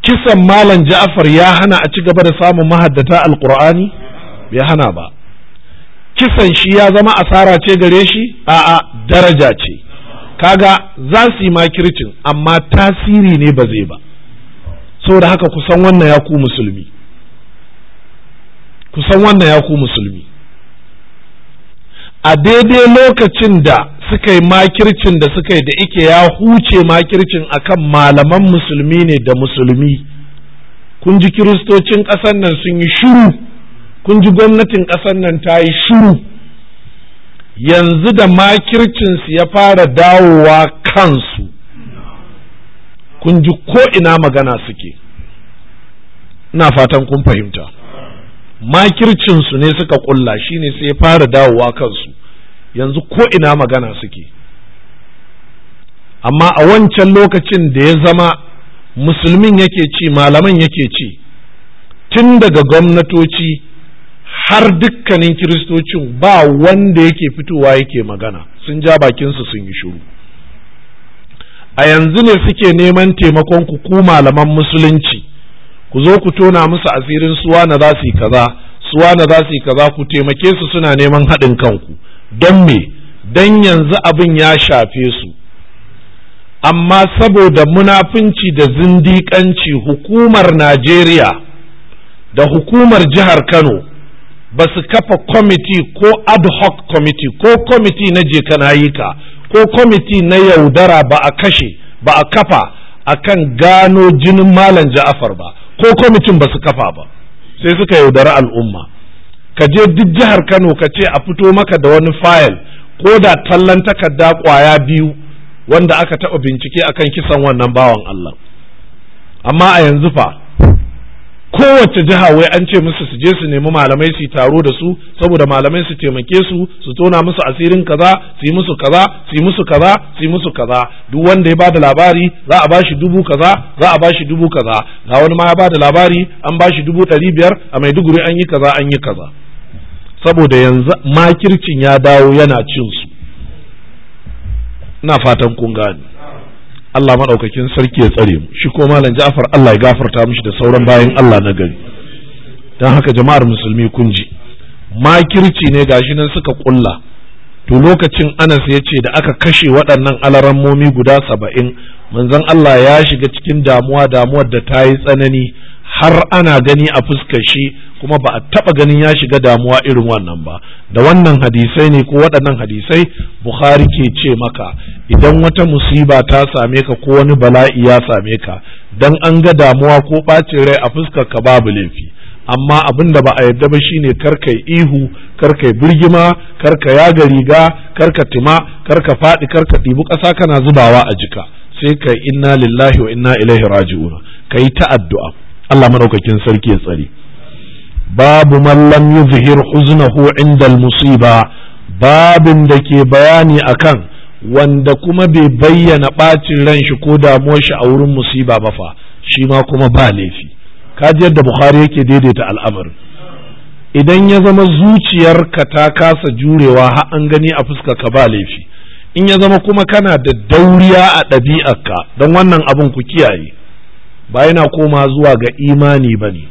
kisan malam ja'far ya hana a ci gaba da samun mahaddata alqur'ani bai hana ba kisan shi ya zama asara ce gare shi a'a daraja ce kaga za su yi makircin amma tasiri ne ba zai ba saboda haka kusan wannan ya ku musulmi kusan wannan ya ku musulmi a daidai lokacin da suka yi makircin da suka yi da ike ya huce makircin akan malaman musulmi ne da musulmi kun ji kiristocin ƙasar nan sun yi shiru kun ji gwamnatin ƙasar nan ta yi shiru yanzu da makircinsu ya fara dawowa kansu kun ji ko ina magana suke ina fatan kun fahimta makircinsu ne suka kulla ne sai ya fara dawowa kansu yanzu ko ina magana suke amma a wancan lokacin da ya zama musulmin yake ci malaman yake ci tun daga gwamnatoci har dukkanin kiristocin ba wanda yake fitowa yake magana sun ja bakinsu sun yi shiru a yanzu ne suke neman taimakon ku malaman musulunci ku zo ku tona musu asirin suwa na za su yi kaza suwa na za su yi kaza ku taimake su suna neman haɗin kanku don me don yanzu abin ya shafe su amma saboda munafunci da zindiƙanci hukumar najeriya da hukumar jihar kano ba su kafa kwamiti ko ad hoc kwamiti ko kwamiti na jekanayika ko kwamiti na yaudara ba a kashe ba a kafa akan gano jinin malam ja'afar ba ko kwamitin ba su kafa ba sai suka yaudari al'umma ka je duk jihar kano ka ce a fito maka da wani fayil ko da tallan takarda kwaya biyu wanda aka taɓa bincike akan kisan wannan bawan allah amma a yanzu fa kowace jiha wai an ce musu su je su nemi malamai su taro da su saboda malamai su taimake su su tona musu asirin kaza su yi musu kaza su yi musu kaza su yi musu kaza duk wanda ya bada labari za a bashi dubu kaza za a bashi dubu kaza ga wani ma ya bada labari an bashi dubu ɗari biyar a maiduguri an yi kaza an yi kaza saboda yanzu makircin ya dawo yana cin su ina fatan kun gane Allah maɗaukakin sarki ya tsare mu shi ko malam Ja'far Allah ya gafarta mishi da sauran bayan Allah na gari dan haka jama'ar musulmi kun ji makirci ne gashi nan suka kulla to lokacin Anas ya ce da aka kashe waɗannan momi guda saba'in manzon Allah ya shiga cikin damuwa damuwar da ta yi tsanani har ana gani a fuskar shi kuma ba a taba ganin ya shiga damuwa irin wannan ba da wannan hadisai ne ko waɗannan hadisai bukhari ke ce maka idan wata musiba ta same ka ko wani bala'i ya same ka dan an ga damuwa ko ɓacin rai a fuskar ka babu laifi amma abin da ba a yadda ba shine karka ihu karka birgima karka yaga riga karka tima karka faɗi karka ɗibi ƙasa kana zubawa a jika sai ka inna lillahi wa inna ilaihi raji'una kai ta addu'a Allah madaukakin sarki ya tsare babu man lam yuzhir huznahu inda musiba babin da ke bayani akan wanda kuma bai bayyana bacin ran shi ko damuwar shi a wurin musiba ba fa shi ma kuma ba laifi kaji yadda Bukhari yake daidaita al'amarin idan ya zama zuciyarka ta kasa jurewa har an gani a fuska ka ba laifi in ya zama kuma kana da dauriya a ɗabi'arka don wannan abin ku kiyaye ba yana koma zuwa ga imani ba ne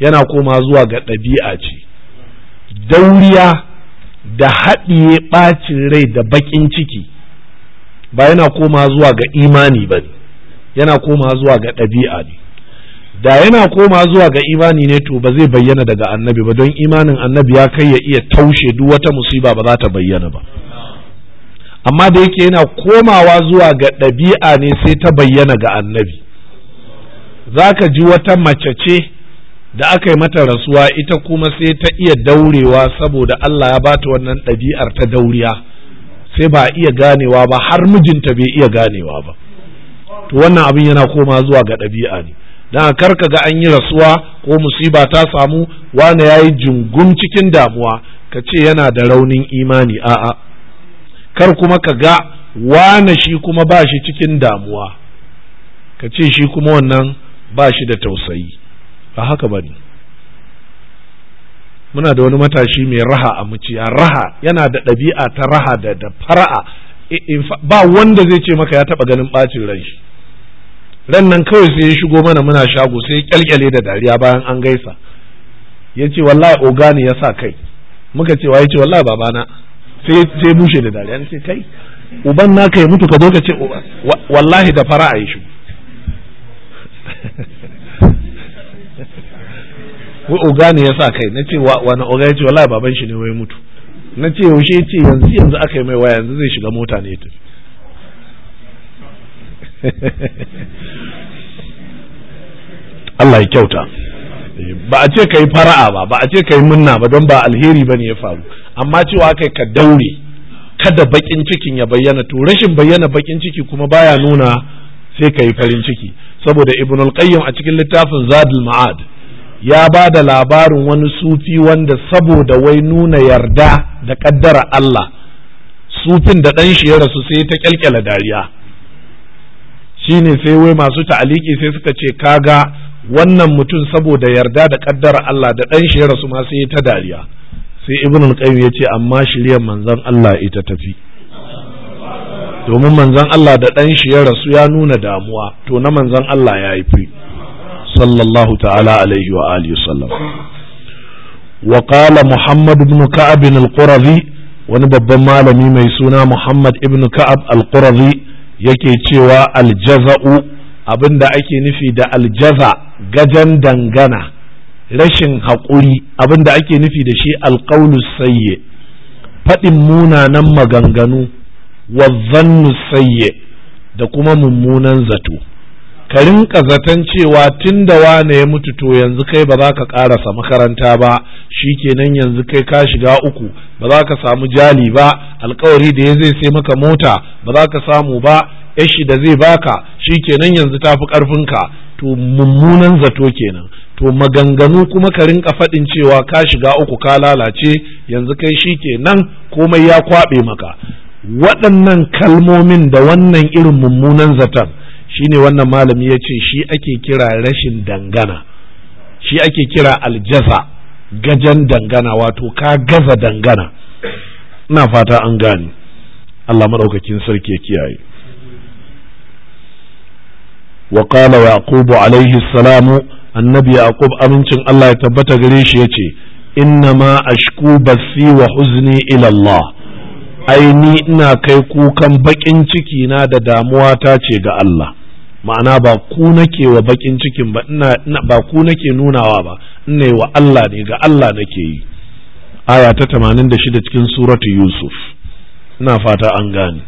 yana koma zuwa ga ɗabi'a ce dauriya da haɗiye ɓacin rai da baƙin ciki ba yana koma zuwa ga imani ba ne yana koma zuwa ga ɗabi'a ne da yana koma zuwa ga imani ne to ba zai bayyana daga annabi ba don imanin annabi ya kai ya iya taushe duk wata musiba ba za ta bayyana ba amma da yake yana komawa zuwa ga ɗabi'a ne sai ta bayyana ga annabi za ka ji wata mace ce da aka yi mata rasuwa ita kuma sai ta iya daurewa saboda Allah ya bata wannan ɗabi'ar ta dauriya sai ba a iya ganewa ba har mijinta bai iya ganewa ba to wannan abin yana koma zuwa ga ɗabi'a ne dan karka ga an yi rasuwa ko musiba ta samu wani yi jungum cikin damuwa ka ce yana da raunin imani a'a kar kuma ka ga wane shi kuma ba shi cikin damuwa ka ce shi kuma wannan ba shi da tausayi ba haka ba ne muna da wani matashi mai raha a muciya raha yana da ɗabi'a ta raha da da fara'a ba wanda zai ce maka ya taɓa ganin ɓacin rai. ran nan kawai sai ya shigo mana muna shago sai ya kyalkyale da dariya bayan an gaisa ya ce wallahi ogani ya sa kai muka ce ya ce wallahi babana sai ya bushe da dariya ce kai uban naka ya mutu ka zo ka ce wallahi da fara'a ya shigo wai oga ne ya sa kai na ce wani oga ya ce wallahi baban shi ne wai mutu na ce yaushe ya ce yanzu yanzu aka yi mai waya yanzu zai shiga mota ne ya Allah ya kyauta ba a ce ka yi fara'a ba ba a ce ka yi munna ba don ba alheri ba ne ya faru amma cewa kai ka daure kada bakin cikin ya bayyana to rashin bayyana bakin ciki kuma baya nuna sai ka yi farin ciki saboda ibn al-qayyim a cikin littafin zadul ma'ad ya ba da labarin wani sufi wanda saboda wai nuna yarda da ƙaddara Allah sufin da ɗan shi ya rasu sai ta kyalkyala dariya Shi ne sai wai masu ta'aliki sai suka ce kaga wannan mutum saboda yarda da ƙaddara Allah da ɗan shi ya rasu ma sai ta dariya sai ibn al-qayyim ya ce amma shiryar manzon Allah ita tafi domin manzon Allah da ɗan shi ya rasu ya nuna damuwa to na manzon Allah ya yi fi sallallahu ta'ala alaihi wa alihi sallam wa qala muhammad ibn ka'ab al-qurazi wani babban malami mai suna muhammad ibn ka'ab al yake cewa aljaza'u abinda ake nufi da aljaza gajan dangana rashin haƙuri abinda ake nufi da shi alƙaulus sayye faɗin munanan maganganu wazzannu sayye da kuma mummunan zato ka rinka zaton cewa tun da wane ya mutu to yanzu kai ba za ka ƙarasa makaranta ba shi kenan yanzu kai ka shiga uku ba za ka samu jali ba alkawari da ya zai sai maka mota ba za ka samu ba yashi da zai baka shi kenan yanzu ta fi ƙarfinka to mummunan zato kenan to maganganu kuma ka rinka faɗin cewa ka shiga uku ka lalace yanzu kai shi kenan komai ya kwaɓe maka waɗannan kalmomin da wannan irin mummunan zaton Shi ne wannan malami ya ce shi ake kira rashin dangana shi ake kira aljaza gajan dangana wato ka gaza dangana ina fata an gane Allah maɗaukakin sarki ya kiyaye wa Yakubu yaqubu alaihi salamu annabi yaqub amincin Allah ya tabbata gare shi yace innama ashku basi wa huzni ila Allah ai ni ina kai kukan bakin ciki na da damuwa ta ce ga Allah ma'ana ba ku nake wa bakin cikin ba ina ba ku nake nunawa ba ina wa Allah ne ga Allah nake yi aya ta 86 cikin suratu yusuf ina fata an gane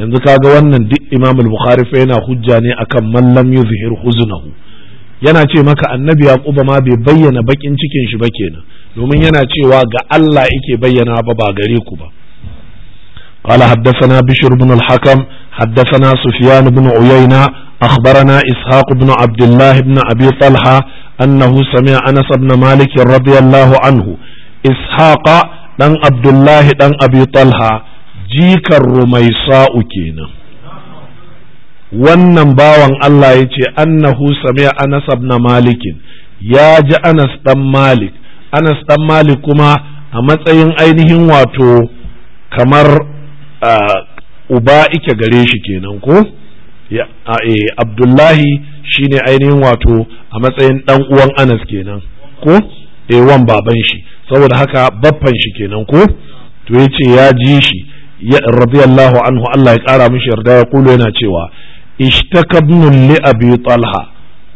yanzu kaga wannan duk imam bukhari fa yana hujja ne akan man lam yuzhir huznahu yana ce maka annabi yaquba ma bai bayyana bakin cikin shi ba kenan domin yana cewa ga Allah yake bayyana ba ba gare ku ba قال حدثنا بشر بن الحكم حدثنا سفيان بن عيينة أخبرنا إسحاق بن عبد الله بن أبي طلحة أنه سمع أنس بن مالك رضي الله عنه إسحاق دن عبد الله دن أبي طلحة جيك الرميصاء كينا wannan bawan Allah ya ce annahu sami'a Anas ibn Malik ya ji Anas dan Malik Anas dan Malik kuma a matsayin ainihin wato kamar uba ike gare shi kenan ko E, abdullahi shi ne ainihin wato a matsayin ɗan uwan anas kenan ko e, wan baban shi saboda haka baffan shi kenan ko to ya ce ya ji shi ya radiyallahu anhu Allah ya kara mishi yarda ya kulo yana cewa ishtakabnun li abi talha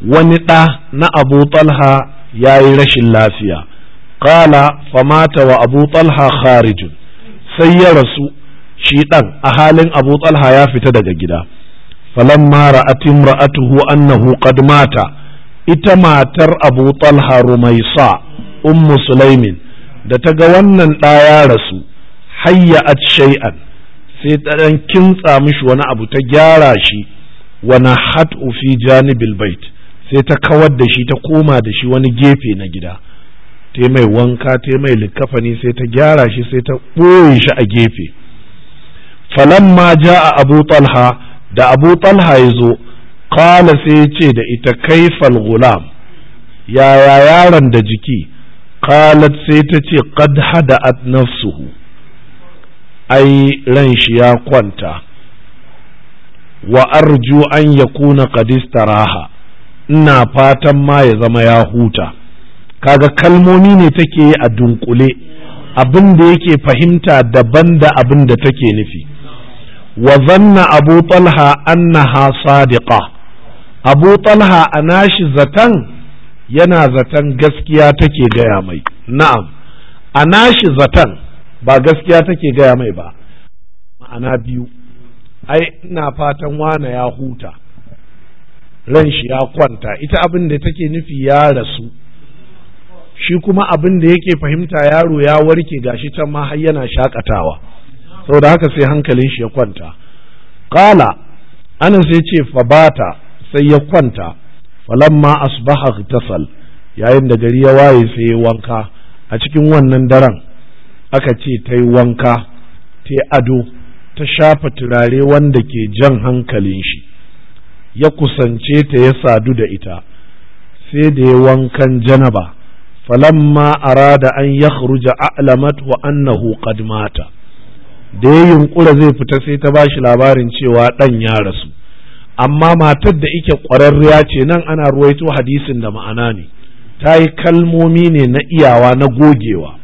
wani ɗa na abu talha ya yi rashin lafiya qala famata wa abu talha kharijun sai ya rasu shi ɗan a halin abu talha ya fita daga gida falamma ra'at imra'atuhu annahu qad mata ita matar Abu Talha Rumaisa ummu Sulaimin da ta ga wannan ɗa ya rasu hayya'at shay'an sai ta ɗan kintsa mishi wani abu ta gyara shi wani hat fi janibil bait sai ta kawar da shi ta koma da shi wani gefe na gida ta mai wanka ta mai likafani sai ta gyara shi sai ta ɓoye shi a gefe falamma ja a abu talha da abu talha ya zo kala sai ya ce da ita kaifal gulam yaya yaron da jiki kalat sai ta ce qad hada'at nafsuhu ai ran shi ya kwanta wa arju an yakuna qad istaraha ina fatan ma ya zama ya huta kaga kalmomi ne take yi a dunkule abin da yake fahimta daban da abin da take nufi wa zanna abu talha annaha sadiqa abu talha a nashi zaton yana zaton gaskiya take gaya mai na'am a nashi zaton ba gaskiya take gaya mai ba ma'ana biyu ai ina fatan wane ya huta ran shi ya kwanta ita abin da take nufi ya rasu shi kuma abin da yake fahimta yaro ya warke gashi can ma har yana shakatawa saboda haka sai hankalin shi ya kwanta qala anas ya ce fabata sai ya kwanta falamma asbaha tasal yayin da gari ya waye sai ya wanka a cikin wannan daren aka ce ta yi wanka ta yi ado ta shafa turare wanda ke jan hankalin shi ya kusance ta ya sadu da ita sai da ya wankan janaba falamma arada an ya a'lamat wa annahu qad mata da ya yunkura zai fita sai ta ba shi labarin cewa ɗan ya rasu amma matar da ike ƙwararriya ce nan ana ruwaito hadisin da ma'ana ne ta yi kalmomi ne na iyawa na gogewa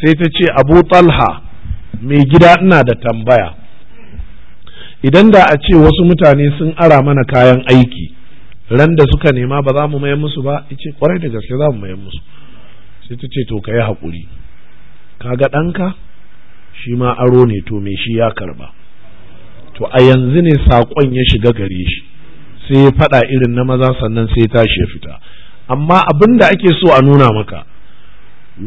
sai ta ce abu talha mai gida ina da tambaya idan da a ce wasu mutane sun ara mana kayan aiki ran da suka nema ba za mu mayan musu ba ice ƙwarai da gaske za mu mayan musu sai ta ce to ka yi haƙuri ka ga ɗanka shi ma aro ne to me shi ya karba to a yanzu ne saƙon ya shiga gare shi sai ya faɗa irin na maza sannan sai ya tashi ya fita amma abin da ake so a nuna maka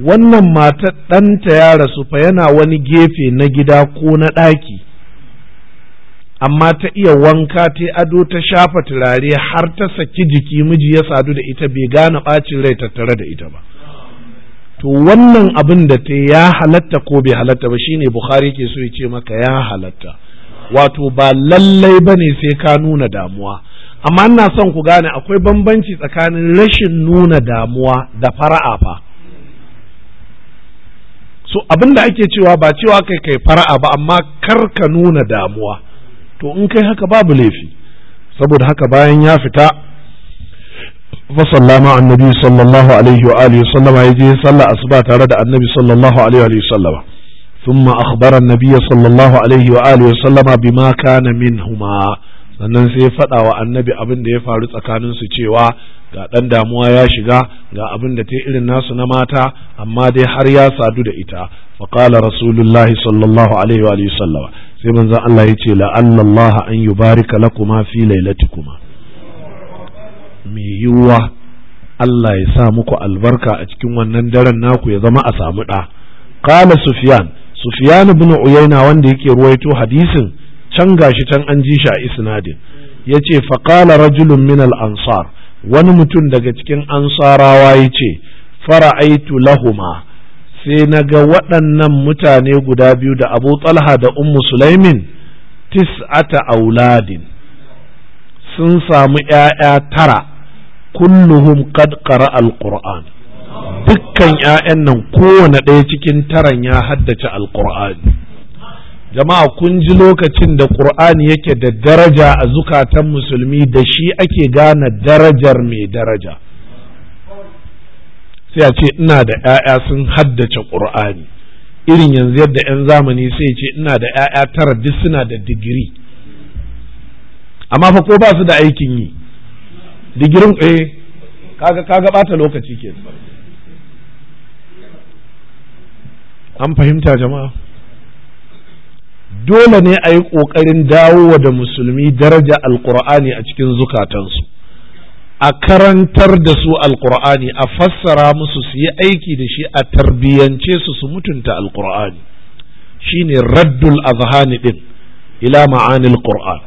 wannan matar ɗanta ya rasu fa yana wani gefe na gida ko na ɗaki amma ta iya wanka ta ado ta shafa turare har ta saki jiki miji ya sadu da ita bai gane ɓacin rai tattare da ita ba to wannan abin da ta ya halatta ko bai halatta ba shine bukhari ke so ya ce maka ya halatta wato ba lallai ba ne sai ka nuna damuwa amma ina son ku gane akwai bambanci tsakanin rashin nuna damuwa da fara'a fa so abin da ake cewa ba cewa kai kai fara'a ba amma kar ka nuna damuwa to in kai haka babu laifi saboda haka bayan ya fita fasalla ma annabi sallallahu ya je sallah asuba tare da annabi sallallahu alaihi wa sallama ثم أخبر النبي صلى الله عليه وآله وسلم بما كان منهما sannan sai faɗa wa annabi abin da ya faru tsakanin su cewa ga ɗan damuwa ya shiga ga abin da ta yi irin nasu na mata amma dai har ya sadu da ita faƙala rasulullahi sallallahu alaihi wa sallama sai manzon Allah ya ce la'allallaha an yubarika lakuma fi lailatikuma mai yiwuwa Allah ya sa muku albarka a cikin wannan daren naku ya zama a samu ɗa qala sufyan sufyan ibn uyayna wanda yake ruwaito hadisin can gashi can an ji shi a isnadin yace fa qala rajulun min al ansar wani mutum daga cikin ansarawa ya yace fara'aitu lahuma sai na ga waɗannan mutane guda biyu da abu talha da ummu sulaimin tis'ata auladin sun samu ‘ya'ya tara kulluhum qad qara'a alquran dukkan ƴaƴan nan kowane ɗaya cikin taran ya haddace alqur'ani jama'a kun ji lokacin da qur'ani yake da daraja a zukatan musulmi da shi ake gane darajar mai daraja sai a ce ina da ƴaƴa sun haddace qur'ani irin yanzu yadda 'yan zamani sai ce ina da 'ya'ya tara duk suna da digiri amma fa ko ba su da aikin yi digirin eh kaga kaga bata lokaci ke an fahimta jama'a dole ne a yi ƙoƙarin dawowa da musulmi daraja alƙur'ani a cikin zukatansu a karantar da su alƙur'ani a fassara musu su yi aiki da shi a tarbiyyance su su mutunta alƙur'ani shine raddul azhani din ila ma'anil qur'an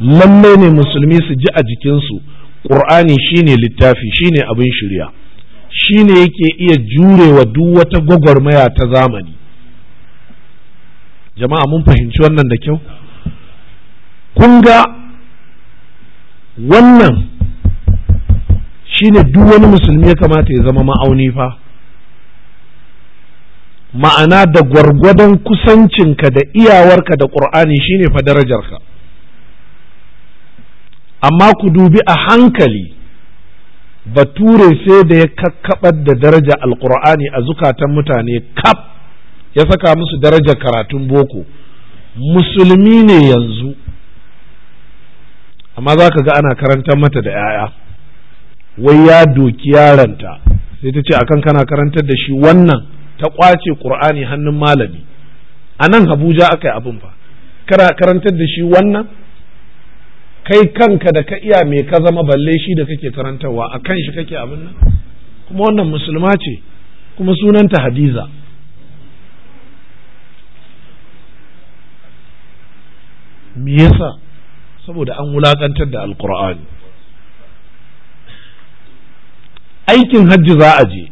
lallai ne musulmi su ji a jikinsu ƙur'ani shine littafi shine abin shirya shine yake iya jurewa duk wata gwagwarmaya ta zamani jama'a mun fahimci wannan da kyau kun ga wannan shine duk wani musulmi ya kamata ya zama ma'auni fa ma'ana da gwargwadon kusancinka da iyawarka da ƙur'ani shine fa darajarka amma ku dubi a hankali bature sai da ya kakkabar da daraja alkur'ani a zukatan mutane kaf ya saka musu daraja karatun boko musulmi ne yanzu amma za ka ga ana karantar mata da 'ya'ya wai ya doki yaranta sai ta ce akan kana karantar da shi wannan ta kwace ƙur'ani hannun malami a nan Habuja aka yi abin fa karantar da shi wannan kai kanka da ka iya me ka zama balle shi da kake karantarwa a kan shi kake abin nan kuma wannan musulma ce kuma sunanta hadiza me yasa saboda an wulakantar da alkur'ani aikin hajji za a je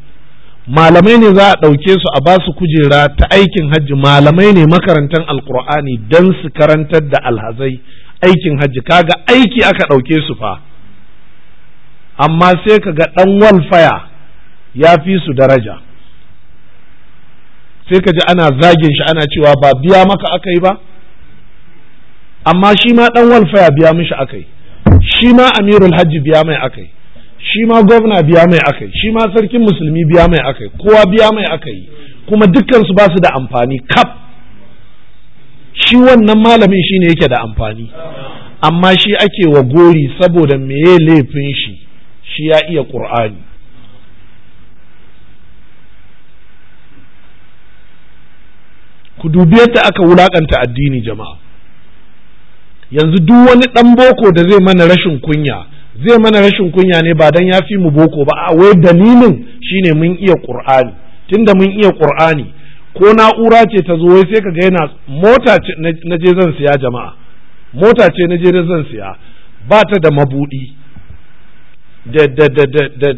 malamai ne za a ɗauke su a basu kujera ta aikin hajji malamai ne makarantar alkur'ani don su karantar da alhazai aikin hajji kaga aiki aka ɗauke su fa amma sai ka ga ɗan walfaya ya fi su daraja sai ka ji ana zagin shi ana cewa ba biya maka aka yi ba amma shi ma ɗan walfaya biya mishi aka yi shi ma amirul hajji biya mai aka yi shi ma gwamna biya mai akai shi ma sarkin musulmi biya mai akai kowa biya mai akai kuma dukkan su ba su da amfani kaf shi wannan malamin shi ne yake da amfani amma shi ake wa gori saboda meye laifin shi shi ya iya ƙur'ani ku dubi yadda aka wulaƙanta addini jama'a yanzu duk wani ɗan boko da zai mana rashin kunya zai mana rashin kunya ne ba dan ya fi mu boko ba a wai dalilin shine mun iya qur'ani tunda mun iya qur'ani ko na'ura ce ta zo wai sai ka ga yana mota ce na je zan siya jama'a mota ce na je zan siya ba ta da mabudi da da da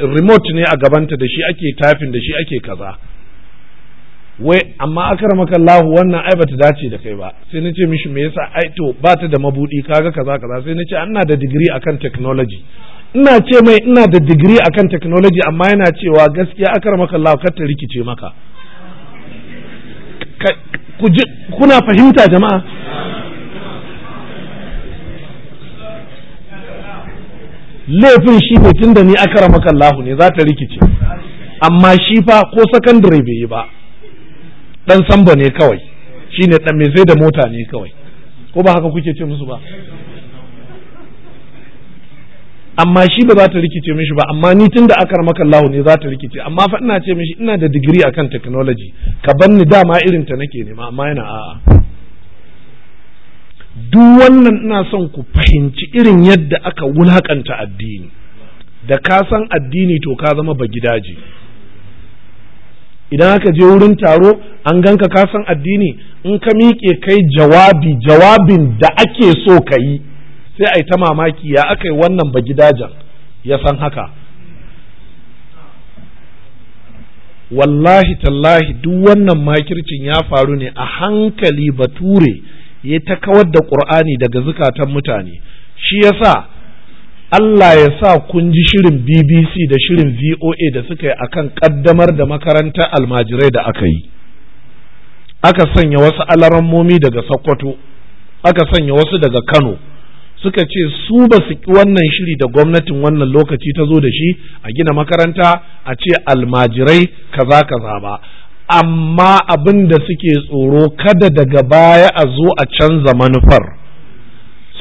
remote ne a gabanta da shi ake tafin da shi ake kaza wai amma maka lahu wannan ai bata dace da kai ba sai nace mishi me yasa ai to bata da mabudi kaga kaza kaza sai nace ina da digiri akan technology ina ce mai ina da digiri akan technology amma yana cewa gaskiya maka lahu ka ta rikice maka kuna fahimta jama'a laifin shi ne tun da ni aka maka lahu ne za ta rikice amma shi fa ko sakandare bai yi ba dan samba ne kawai shine dan mai sai da mota ne kawai ko ba haka kuke ce musu ba amma shi ba za ta rikice mishi ba amma ni tunda akar maka lahu ne za ta rikice amma fa ina ce mishi ina da digiri akan technology ka bar dama irin ta nake nema amma yana a'a duk wannan ina son ku fahimci irin yadda aka wulakanta addini da ka san addini to ka zama ba gidaje idan aka je wurin taro an ganka ka san addini in ka miƙe kai jawabi jawabin da ake so ka yi sai a yi ta mamaki ya aka yi wannan ba gidajen ya san haka wallahi tallahi duk wannan makircin ya faru ne a hankali bature ya ta kawar da ƙur'ani daga zukatan mutane shi yasa Allah ya sa kun ji shirin BBC da shirin VOA da suka yi akan kaddamar da makarantar almajirai da aka yi aka sanya wasu alarammomi daga Sokoto aka sanya wasu daga Kano suka ce su ba su wannan shiri da gwamnatin wannan lokaci ta zo da shi a gina makaranta a ce almajirai kaza kaza ba amma abin da suke tsoro kada daga baya a zo a canza manufar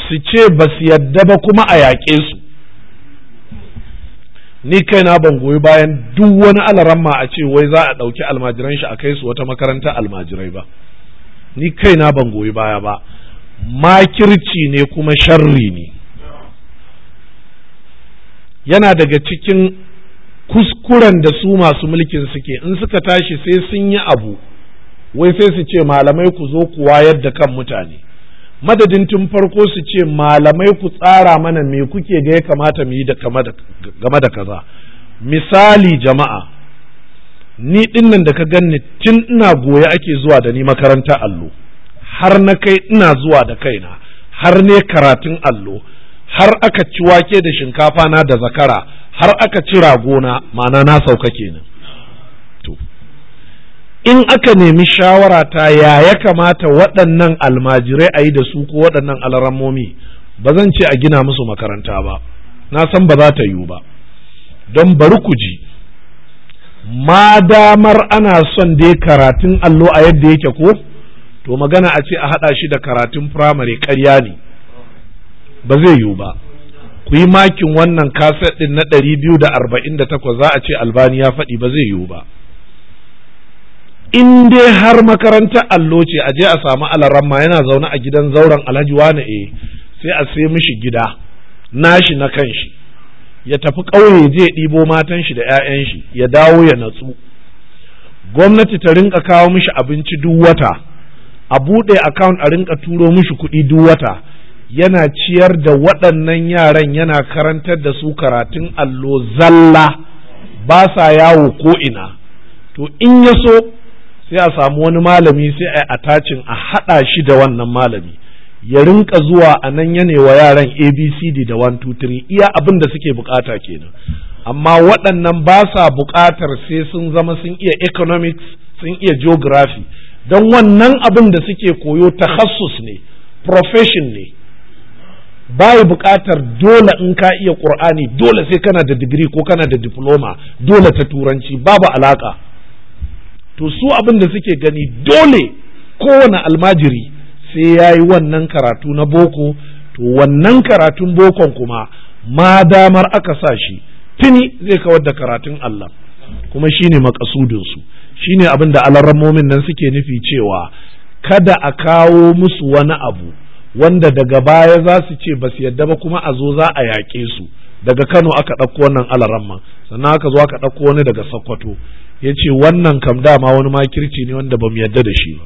su ce ba su yadda ba kuma a yaƙe su ni kaina ban goyi bayan duk wani alaramma a ce wai za a ɗauki almajiran shi a kai su wata makarantar almajirai ba ni kaina ban goyi baya ba makirci ne kuma sharri ne yana daga cikin kuskuren da su masu mulkin suke in suka tashi sai sun yi abu wai sai su ce malamai ku zo ku wayar da kan mutane madadin tun farko su ce malamai ku tsara mana me kuke ga ya kamata mu yi game da kaza misali jama'a ni nan da ka ganni tun ina goya ake zuwa da ni makaranta allo har na kai ina zuwa da kaina har ne karatun allo har aka ci wake da shinkafa na da zakara har aka ci ragona ma'ana na sauka kenan in aka nemi shawara ta ya ya kamata waɗannan almajirai a yi da su ko waɗannan alrammomi ba zan ce a gina musu makaranta ba na san ba za ta yiwu ba don bari ku ji ma damar ana son dai karatun allo a yadda yake ko to magana a ce a haɗa shi da karatun firamare karya ne ba zai yiwu ba ku yi makin wannan kaset ɗin na ɗari biyu da arba'in da takwas za a ce albani ya faɗi ba zai yiwu ba in dai har makaranta allo ce a je a samu alaramma yana zaune a gidan zauren alhaji wani eh sai a sai mishi gida nashi na kanshi ya tafi ƙauye je ɗibo matan shi da 'ya'yan shi ya dawo ya natsu gwamnati ta rinka kawo mishi abinci duk wata a buɗe account a rinka turo mishi kuɗi duk wata yana ciyar da waɗannan yaran yana karantar da su karatun allo zalla ba sa yawo ko ina to in ya so sai a samu wani malami sai a attaching a haɗa shi da wannan malami ya rinka zuwa a nan ya wa yaran abcd da 123 iya abin da suke bukata kenan amma waɗannan ba sa bukatar sai sun zama sun iya economics sun iya geography don wannan abin da suke koyo takhassus ne profession ne bai buƙatar dole in ka iya ƙur'ani dole sai kana da digiri ko kana da diploma dole ta turanci babu alaƙa to su abin da suke gani dole kowane almajiri sai ya yi wannan karatu na boko to wannan karatun bokon kuma ma damar aka sa shi tuni zai kawar da karatun Allah kuma shine makasudinsu shine abin da alarramomin nan suke nufi cewa kada a kawo musu wani abu wanda daga baya za su ce ba su yadda ba kuma a zo za a yaƙe su daga Kano aka ɗauko wannan alaramma sannan aka zo aka ɗauko wani daga Sokoto ya ce wannan kam dama wani makirci ne wanda ba mu yarda da shi ba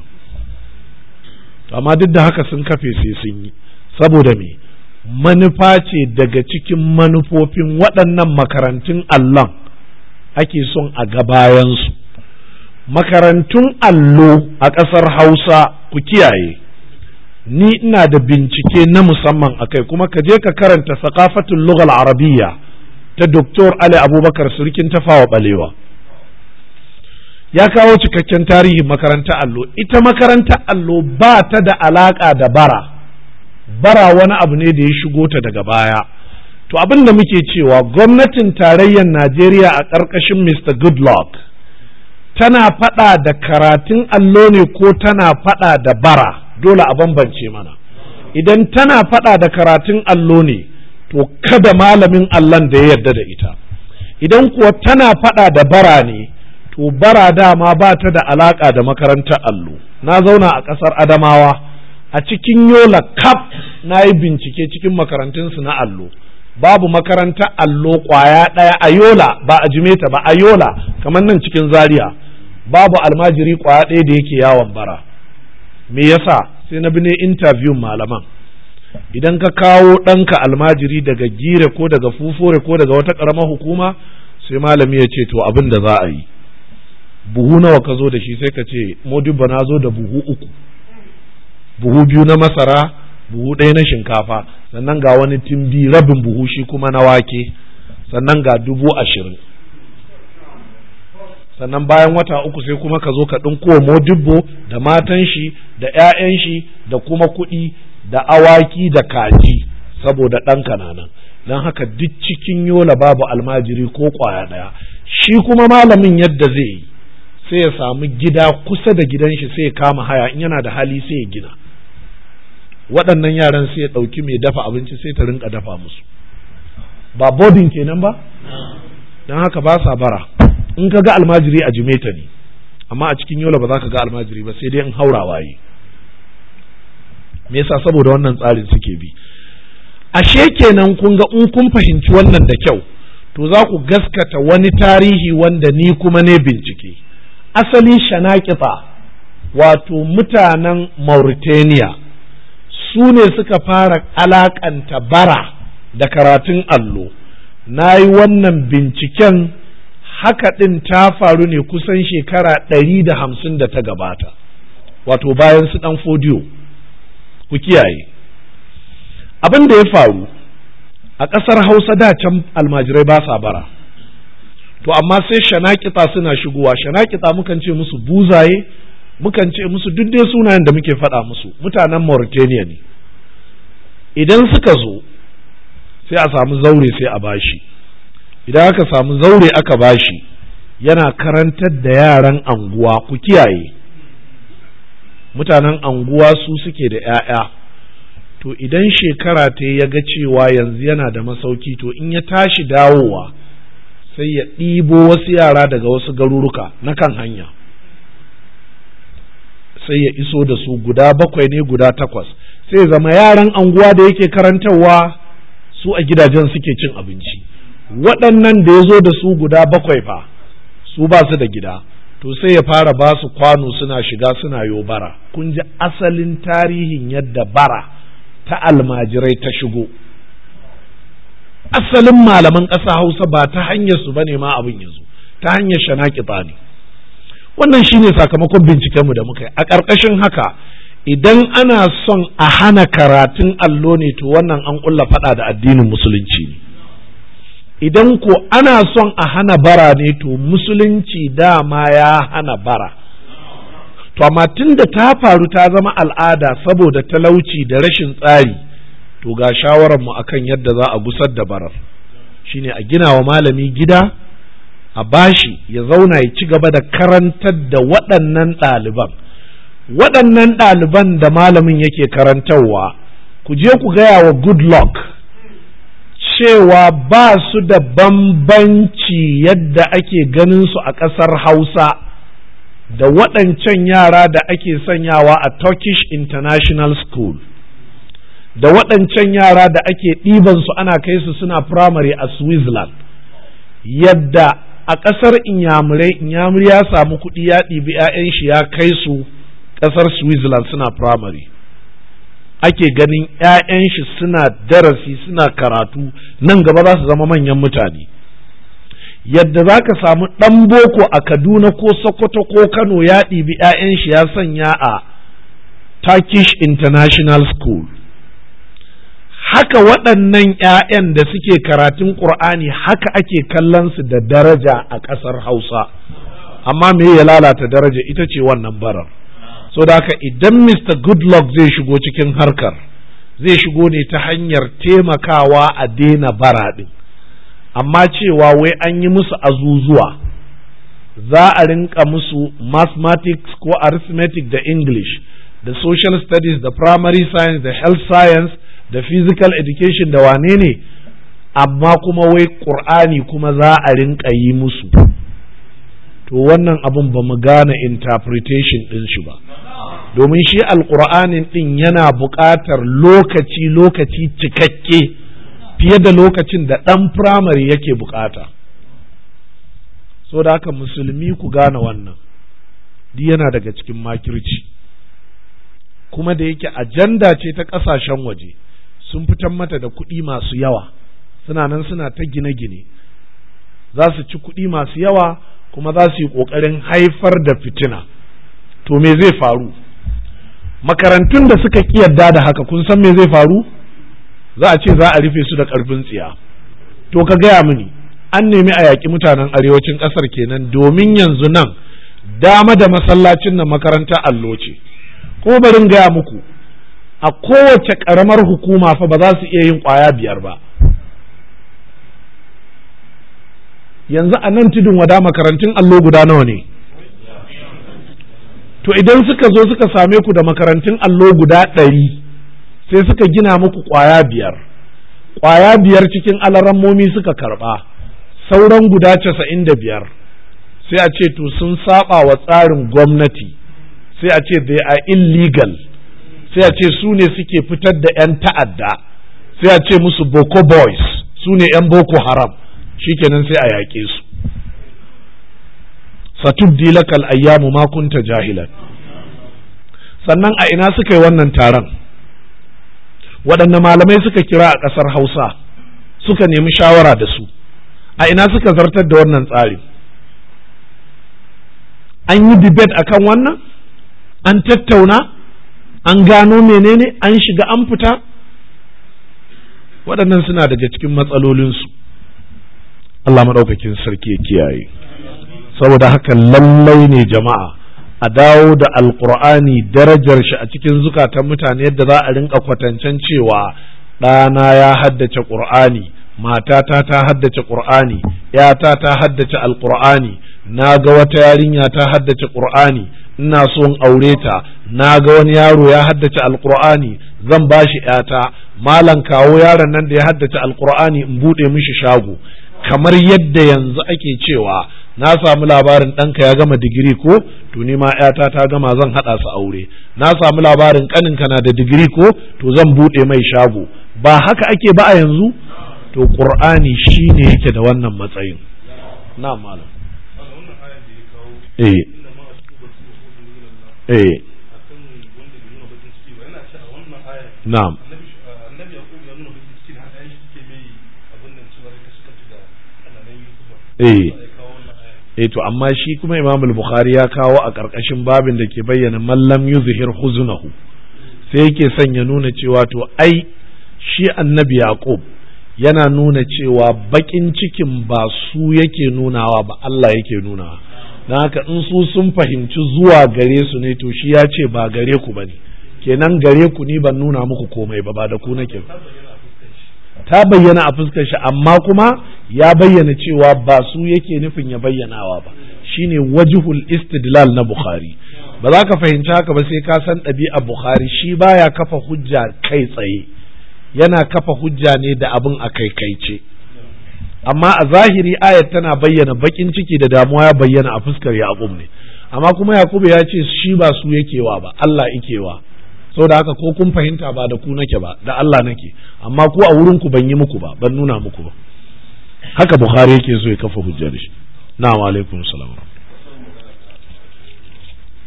amma duk da haka sun kafe sai sun yi saboda me manufa ce daga cikin manufofin waɗannan makarantun allon ake son a gabayansu makarantun allo a ƙasar hausa ku kiyaye ni ina da bincike na musamman a kai kuma ka je ka karanta sakafatun lugal Arabiya ta Doktor Ali Abubakar Surkin Tafawa Balewa ya kawo cikakken tarihin makaranta allo ita makaranta allo ba ta da alaka da bara bara wani abu ne da ya shigo ta daga baya to abin da muke cewa gwamnatin tarayyar Najeriya a ƙarƙashin Mr. Goodluck tana faɗa da karatun allo ne ko tana faɗa da bara dole a bambance mana idan tana faɗa da karatun allo ne to kada malamin allon da ya yarda da ita idan kuwa tana faɗa da bara ne to bara dama ba ta da alaƙa da makarantar allo na zauna a ƙasar adamawa a cikin yola kaf na yi bincike cikin makarantunsu na allo babu makaranta allo ƙwaya ɗaya a yola ba a jimeta ba a yola kamar nan cikin zaria babu almajiri ƙwaya ɗaya da yake yawon bara me yasa sai na bi ne interview malaman idan ka kawo ɗanka almajiri daga gire ko daga fufure ko daga wata ƙaramar hukuma sai malami ya ce to abin da za a yi buhu nawa ka zo da shi sai ka ce modibba na zo da buhu uku buhu biyu na masara buhu ɗaya na shinkafa sannan ga wani timbi rabin buhu shi kuma na wake sannan ga dubu ashirin sannan bayan wata uku sai kuma ka zo ka ɗinko modibbo da matan shi da 'ya'yan shi da kuma kuɗi da awaki da kaji saboda ɗan kananan don haka duk cikin yola babu almajiri ko ƙwaya ɗaya shi kuma malamin yadda zai yi sai ya samu gida kusa da gidan shi sai ya kama haya in yana da hali sai ya gina waɗannan yaran sai ya ɗauki mai dafa abinci sai ta rinka dafa musu ba bodin kenan ba don haka ba sa bara in ka ga almajiri a jimeta ne amma a cikin yola ba za ka ga almajiri ba sai dai in haura waye me yasa saboda wannan tsarin suke bi ashe kenan kun ga in kun fahimci wannan da kyau to za ku gaskata wani tarihi wanda ni kuma ne bincike asali shanakifa wato mutanen mauritania su ne suka fara alaƙanta bara da karatun allo na yi wannan binciken haka ɗin ta faru ne kusan shekara ɗari da hamsin da ta gabata wato bayan su ɗan fodiyo ku kiyaye abin da ya faru a ƙasar hausa da can almajirai ba sa bara to amma sai shanakita suna shigowa shanakita mukan ce musu buzaye mukan ce musu duk dai sunayen da muke faɗa musu mutanen mauritania ne idan suka zo sai a samu zaure sai a bashi idan aka samu zaure aka bashi yana karantar da yaran anguwa ku kiyaye mutanen anguwa su suke da 'ya'ya to idan shekara ta ya ga cewa yanzu yana da masauki to in ya tashi dawowa sai ya ɗibo wasu yara daga wasu garuruka na kan hanya sai ya iso da su guda bakwai ne guda takwas sai zama yaran anguwa da yake karantarwa su a gidajen suke cin abinci waɗannan da ya zo da su guda bakwai fa su ba su da gida to sai ya fara ba su kwano suna shiga suna yo bara kun ji asalin tarihin yadda bara ta almajirai ta shigo asalin malaman ƙasa hausa ba ta hanyar su ba ne ma abin yanzu ta hanyar shanaki ne wannan shine sakamakon bincikenmu da muka yi a ƙarƙashin haka idan ana son a hana karatun allo ne to wannan an ƙulla faɗa da addinin musulunci ne idan ko ana son a hana bara ne to musulunci dama ya hana bara to amma tun da ta faru ta zama al'ada saboda talauci da rashin tsari to ga shawarar mu akan yadda za a gusar da barar shine a gina wa malami gida a bashi ya zauna ya ci gaba da karantar da waɗannan ɗaliban waɗannan ɗaliban da malamin yake karantarwa ku je ku gaya wa good luck cewa ba su da bambanci yadda ake ganin su a ƙasar hausa da waɗancan yara da ake sanyawa a turkish international school da waɗancan yara da ake ɗibansu ana kai su suna firamare a switzerland yadda a ƙasar inyamurai inyamuri ya samu kuɗi ya ɗibi 'ya'yan shi ya kai su ƙasar switzerland suna firamare ake ganin 'ya'yan shi suna darasi suna karatu nan gaba za su zama manyan mutane yadda za ka samu ɗan boko a kaduna ko sokoto ko kano ya ɗibi 'ya'yan shi ya sanya a turkish international school haka waɗannan 'ya'yan da suke karatun ƙur'ani haka ake kallon su da daraja a ƙasar hausa amma me ya lalata daraja ita ce wannan barar so da haka idan mr goodluck zai shigo cikin harkar zai shigo ne ta hanyar taimakawa a daina bara ɗin amma cewa wai an yi musu azuzuwa za a rinka musu mathematics ko arithmetic da english da social studies da primary science da health science da physical education da wane ne amma kuma wai ƙur'ani kuma za a rinka yi musu to wannan abin ba mu gane interpretation ɗin shi ba domin shi alƙur'anin ɗin yana buƙatar lokaci-lokaci cikakke fiye da lokacin da ɗan firamare yake buƙata so da haka musulmi ku gane wannan duk yana daga cikin makirci kuma da yake ajanda ce ta ƙasashen waje sun fitar mata da kuɗi masu yawa suna nan suna ta gine-gine za su ci kuɗi masu yawa kuma za su yi ƙoƙarin haifar da fitina to me zai faru makarantun da suka ƙi yarda da haka kun san me zai faru za a ce za a rufe su da ƙarfin tsiya to ka gaya mini an nemi a yaƙi mutanen arewacin ƙasar kenan domin yanzu nan dama da masallacin na makaranta allo ce ko barin gaya muku a kowace ƙaramar hukuma fa ba za su iya yin ƙwaya biyar ba yanzu a nan tudun wada makarantun allo guda nawa ne to idan suka zo suka same ku da makarantun allo guda ɗari sai suka gina muku ƙwaya biyar ƙwaya biyar cikin alarammomi suka karɓa sauran guda casa'in da biyar sai a ce to sun saba wa tsarin gwamnati sai a ce they are illegal sai a ce su ne suke fitar da 'yan ta'adda sai a ce musu boko boys su ne 'yan boko haram shikenan sai a yaƙe su satub lakal ayyamu ma kunta jahilan sannan a ina suka yi wannan taron waɗanne malamai suka kira a ƙasar hausa suka nemi shawara da su a ina suka zartar da wannan tsari an yi debate akan wannan an tattauna an gano menene an shiga an fita waɗannan suna daga cikin matsalolinsu Allah maɗaukakin sarki ya kiyaye saboda haka lallai ne jama'a a dawo da alkur'ani darajar shi a cikin zukatan mutane yadda za a rinka kwatancen cewa ɗana ya haddace ƙur'ani matata ta haddace ƙur'ani ‘yata ta haddace alkur'ani na ga wata yarinya ta haddace ƙur'ani ina so in aure ta na ga wani yaro ya haddace alkur'ani zan ba shi ‘yata malam kawo yaron nan da ya haddace alkur'ani in buɗe mishi shago kamar yadda yanzu ake cewa na samu labarin ɗanka ya gama digiri ko to nima ma ‘yata ta gama zan haɗa su aure na samu labarin ƙaninka na da digiri ko to zan buɗe mai shago ba haka ake ba a yanzu to ƙur'ani shi ne yake da wannan matsayin na malam eh eh na'am Eh. eh to amma shi kuma Imam al-Bukhari ya kawo a karkashin babin da ke bayyana mallam yuzhir huzunahu sai yake sanya nuna cewa to ai shi annabi Yaqub yana nuna cewa bakin cikin ba su yake nunawa ba Allah yake nunawa don haka in su sun fahimci zuwa gare su ne to shi ya ce ba gare ku bane kenan gare ku ni ban nuna muku komai ba ba da ku nake ta bayyana a fuskar shi amma kuma ya bayyana cewa ba su yake nufin ya bayyanawa ba shine wajihul istidlal na bukhari ba za ka fahimci haka ba sai ka san ɗabi'a bukhari shi baya kafa hujja kai tsaye yana kafa hujja ne da abin a kai kai ce amma a zahiri ayat tana bayyana bakin ciki da damuwa ya bayyana a fuskar yaqub ne amma kuma yaqub ya ce shi ba su yake wa ba Allah yake da haka ko kun fahimta ba da ku nake ba da Allah nake amma ku a wurin ku ban yi muku ba ban nuna muku ba haka Bukhari yake so ya kafa hujjar shi na'am alaikum salam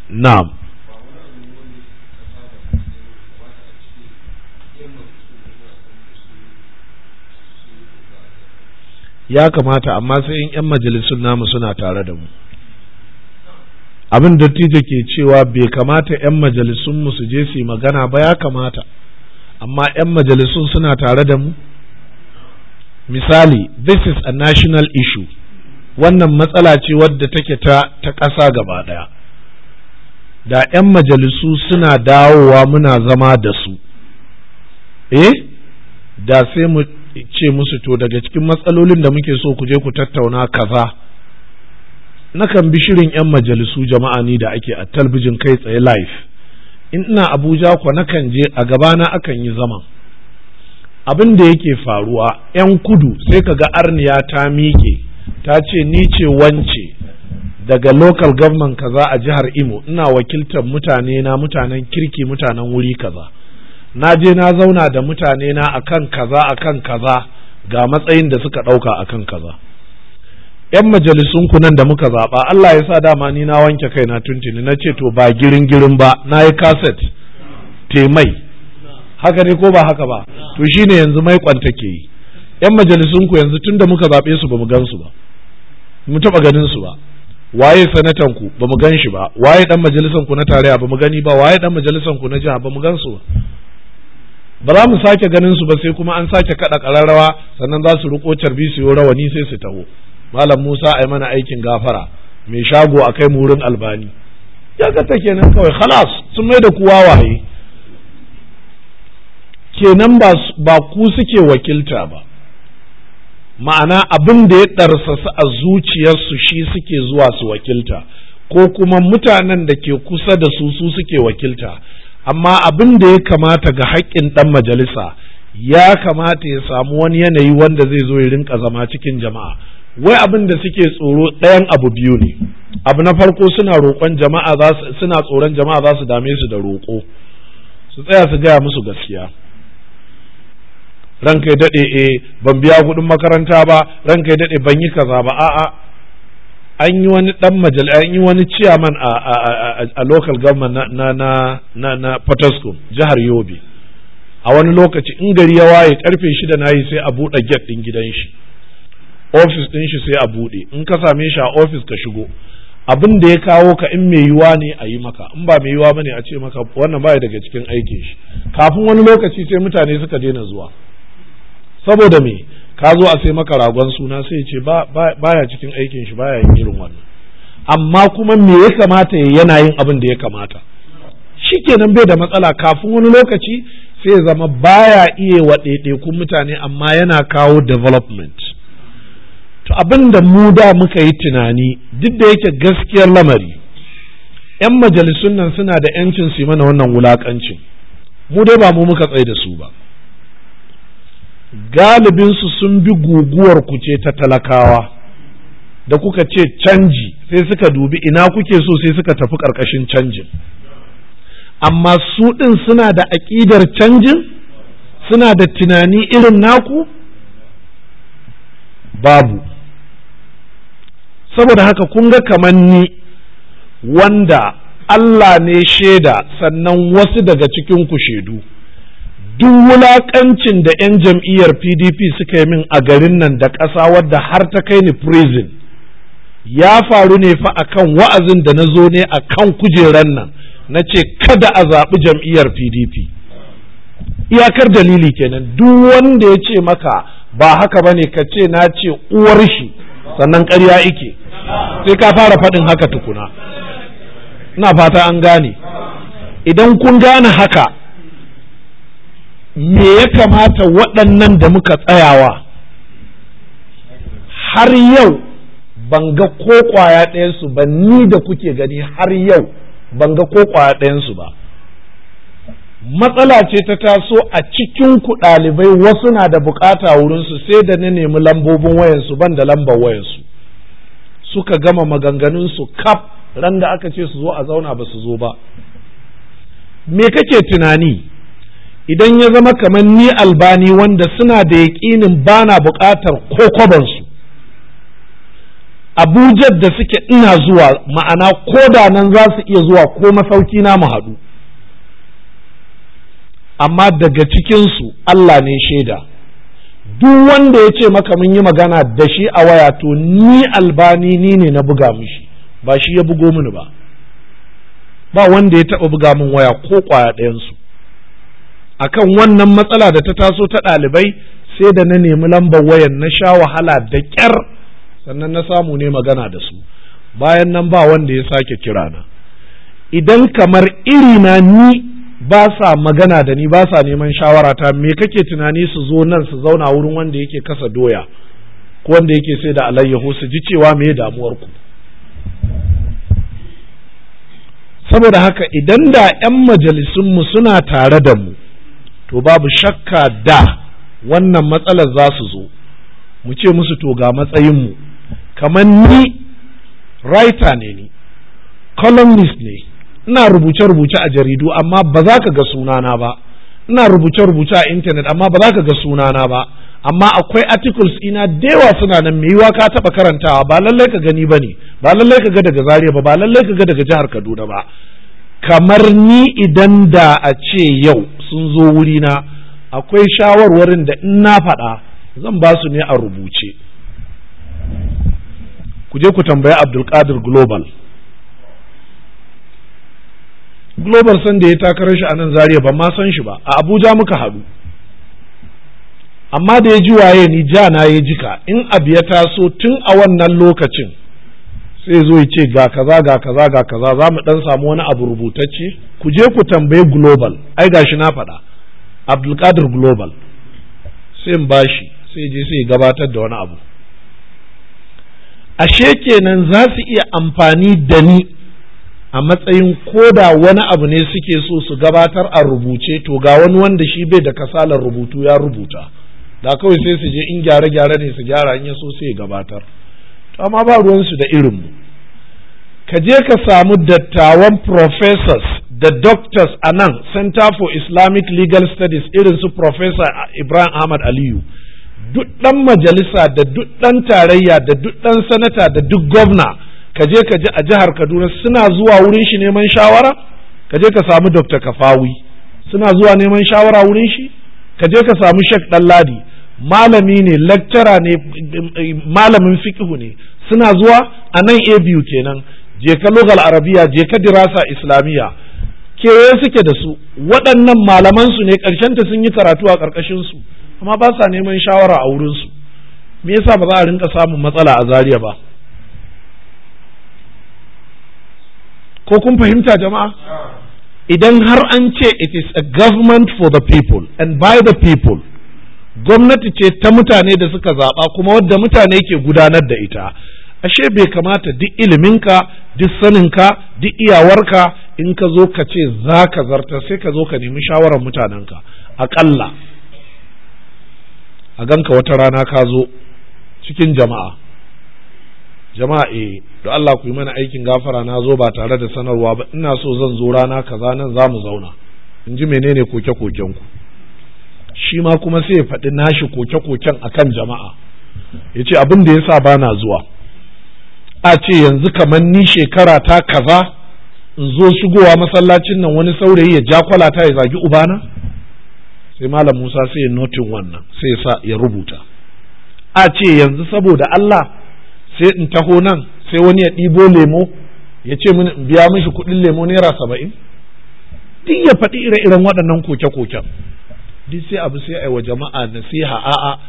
na'am ya kamata amma sai in 'yan majalisun namu suna tare da mu abin dattijo ke cewa bai kamata 'yan majalisun mu su je su magana ba ya kamata amma 'yan majalisun suna tare da mu misali this is a national issue wannan matsala ce wadda take ta ta ƙasa gaba ɗaya da 'yan majalisu suna dawowa muna zama da su eh da sai mu ce musu to daga cikin matsalolin da muke so ku je ku tattauna kaza nakan bi shirin 'yan majalisu jama'a ni da ake a talbijin kai tsaye live in ina abuja kwa nakan je a gabana akan yi zaman abin da yake faruwa 'yan kudu sai ka ga arniya ta miƙe ta ce ni ce wance daga local government kaza a jihar imo ina wakiltar mutane na mutanen kirki mutanen wuri kaza na je na zauna da mutane na akan kaza akan kaza ga matsayin da suka ɗauka akan kaza 'yan majalisunku nan da muka zaɓa Allah ya sa dama ni na wanke kaina tuntuni na ce to ba girin girin ba na yi kaset mai. haka ne ko ba haka ba to shine yanzu mai kwanta ke yi 'yan majalisunku yanzu tun da muka zaɓe su ba mu gan su ba mu taɓa ganin su ba waye sanatan ku ba mu gan shi ba waye dan majalisan ku na tarayya ba mu gani ba waye dan majalisan ku na jiha ba mu gan su ba ba za mu sake ganin su ba sai kuma an sake kada kararrawa sannan za su riko carbi su yi rawani sai su taho malam musa a ai mana aikin gafara mai shago a kai murin albani ya ga ta kenan kawai halas sun mai da kuwa waye kenan ba ku suke wakilta ba ma'ana abin da ya ɗarsasa a zuciyarsu shi suke zuwa su wakilta ko kuma mutanen da ke kusa da su su suke wakilta amma abin da ya kamata ga haƙƙin ɗan majalisa ya kamata ya samu wani yanayi wanda zai zo ya rinka zama cikin jama'a wai abin da suke tsoro ɗayan abu biyu ne abu na farko suna roƙon jama'a za su suna tsoron jama'a za su dame su da roƙo su tsaya su gaya musu gaskiya ranka ya daɗe e ban biya kuɗin makaranta ba ranka ya daɗe ban yi kaza ba a'a an yi wani ɗan majal an yi wani ciyaman a a local government na na na na jihar Yobe a wani lokaci in gari ya waye karfe shida na yi sai a buɗe gate ɗin gidan shi ofis ɗin shi sai a buɗe in ka same shi a ofis ka shigo abin da ya kawo ka in mai yiwa ne a yi maka in ba mai yiwa bane a ce maka wannan baya daga cikin aikin shi kafin wani lokaci sai mutane suka daina zuwa saboda me ka zo a sai maka ragon suna sai ce baya cikin aikin shi baya yin irin wannan amma kuma me ya kamata ya yana yin abin da ya kamata shikenan bai da matsala kafin wani lokaci sai zama baya iya wa mutane amma yana kawo development to abinda mu da muka yi tunani duk da yake gaskiyar lamari 'yan majalisun nan suna da 'yancin su mana wannan wulakancin mu dai ba mu muka tsaye da su ba galibin su sun bi guguwar ku ce ta talakawa da kuka ce canji sai suka dubi ina kuke so sai suka tafi ƙarƙashin canjin amma su ɗin suna da aƙidar canjin suna da tunani irin naku babu saboda haka kun ga kamar ni wanda Allah ne shaida sannan wasu daga cikin ku shaidu duk wulaƙancin da 'yan jam'iyyar pdp suka yi min a garin nan da ƙasa wadda har ta kai ni prison ya faru ne fa akan wa'azin da na zo ne a kan kujeran nan na ce kada a zaɓi jam'iyyar pdp iyakar dalili kenan duk wanda ya ce maka ba haka bane ne ka ce na ce uwar shi sannan ƙarya ike sai ka fara faɗin haka tukuna ina fata an gane idan kun gane haka me ya kamata waɗannan da muka tsayawa har yau ban ga ko ƙwaya ɗayansu ba ni da kuke gani har yau ban ga ko ƙwaya ɗayansu ba matsala ce ta taso a cikin ku ɗalibai wasu na da bukata wurinsu sai da na nemi lambobin wayansu ban da lambar wayansu suka gama maganganunsu kaf ran da aka ce su zo a zauna ba su zo ba me kake tunani idan ya zama kamar ni albani wanda suna da yaƙinin ba na buƙatar su? Abuja da suke ina zuwa ma'ana ko da nan za su iya zuwa ko masauki na mu haɗu amma daga cikinsu Allah ne shaida duk wanda ya ce maka mun yi magana da shi a waya to ni albani ni ne na buga mishi ba shi ya bugo mini ba ba wanda ya taɓa buga min waya ko ƙwaya ɗayansu akan wannan matsala da ta taso ta ɗalibai sai da na nemi lambar wayan na sha wahala da ƙyar sannan na samu ne magana da su bayan nan ba wanda ya sake kirana idan kamar irina ni ba sa magana da ni ba sa neman shawara ta me kake tunani su zo nan su zauna wurin wanda yake kasa doya ko wanda yake sai da alayyahu su ji cewa me damuwar ku saboda haka idan da 'yan majalisunmu suna tare da mu to babu shakka da wannan matsalar za su zo mu ce musu to ga matsayinmu kamar ni writer ne ni columnist ne ina rubuce-rubuce a jaridu amma ba za ka ga sunana ba ina rubuce-rubuce a intanet amma ba za ka ga sunana ba amma akwai articles ina da yawa suna nan mai yiwa ka taɓa karantawa ba lallai ka gani ba ne ba lallai ka ga daga zaria ba ba lallai ka ga daga jihar kaduna ba kamar ni idan da a ce yau sun zo wurina akwai shawarwarin da in na faɗa zan ba su ne a rubuce ku je ku tambayi abdulkadir global global san da ya takarar shi a nan zaria ban ma san shi ba a abuja muka haɗu amma da ya ji waye ni ja na ya jika in abu ya taso tun a wannan lokacin sai zo ya ce ga kaza ga kaza ga kaza za mu dan samu wani abu rubutacce ku je ku tambaye global ai gashi na faɗa abdulkadir global sai in bashi sai je sai gabatar da wani abu ashe kenan za su iya amfani da ni a matsayin ko da wani abu ne suke so su gabatar a rubuce to ga wani wanda shi bai da kasalar rubutu ya rubuta da kawai sai su je in gyare-gyare ne su gyara in ya so sai gabatar To amma ba ruwansu da irin mu. ka je ka samu dattawan professors da doctors a nan center for islamic legal studies irin su professor ibrahim ahmad aliyu duk dan majalisa da duk dan tarayya da duk dan sanata da duk Govna. ka je ka a jihar Kaduna suna zuwa wurin shi neman shawara ka je ka samu Dr. Kafawi suna zuwa neman shawara wurin shi ka je ka samu Sheikh Ɗanladi malami ne lecturer ne malamin fiqhu ne suna zuwa a nan ABU kenan je ka lugal arabiya je ka dirasa islamiyya kewaye suke da su waɗannan malaman su ne ta sun yi karatu a ƙarƙashin su amma ba sa neman shawara a wurin su me yasa ba za a rinka samun matsala a Zariya ba ko kun fahimta jama'a idan har an ce it is a government for the people and by the people gwamnati ce ta mutane da suka zaɓa kuma wadda mutane ke gudanar da ita ashe bai kamata duk iliminka duk saninka duk iyawarka in ka zo ka ce za ka zarta sai ka zo ka nemi shawarar mutanenka aƙalla a ganka wata rana ka zo cikin jama'a jama'a eh to Allah ku yi mana aikin gafara na zo ba tare da sanarwa ba ina so zan zo rana kaza nan za mu zauna in ji menene koke-koken ku shi ma kuma sai ya faɗi nashi koke-koken a kan jama'a ya ce abin da ya sa ba na zuwa a ce yanzu kamar ni shekara ta kaza in zo shigowa masallacin nan wani saurayi ya ja kwalata ya zagi ubana sai malam musa sai ya notin wannan sai ya sa ya rubuta a ce yanzu saboda allah sai in taho nan sai wani ya ɗibo lemo ya ce mini in biya mishi kuɗin lemo naira saba'in duk ya faɗi ire-iren waɗannan koke-koken duk sai abu sai a wa jama'a nasiha a'a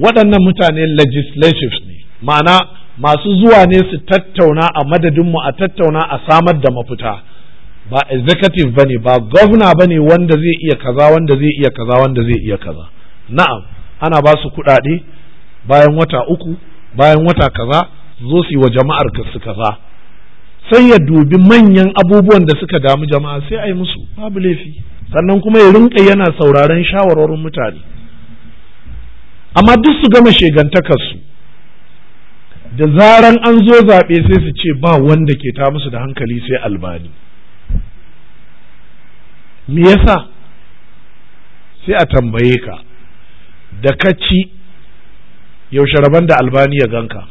waɗannan mutane legislatives ne ma'ana masu zuwa ne su tattauna a madadinmu a tattauna a samar da mafita ba executive bane ba governor bane wanda zai iya kaza wanda zai iya kaza wanda zai iya kaza na'am ana ba su kuɗaɗe bayan wata uku bayan wata kaza zo su yi wa jama'ar su kaza sai ya dubi manyan abubuwan da suka damu jama'a sai a yi musu babu laifi sannan kuma ya rinka yana sauraron shawarwarin mutane amma duk su gama shegantakarsu da zaran an zo zaɓe sai su ce ba wanda ke ta musu da hankali sai albani me yasa sai a tambaye ka da ka ci yaushe rabon da albani ya ganka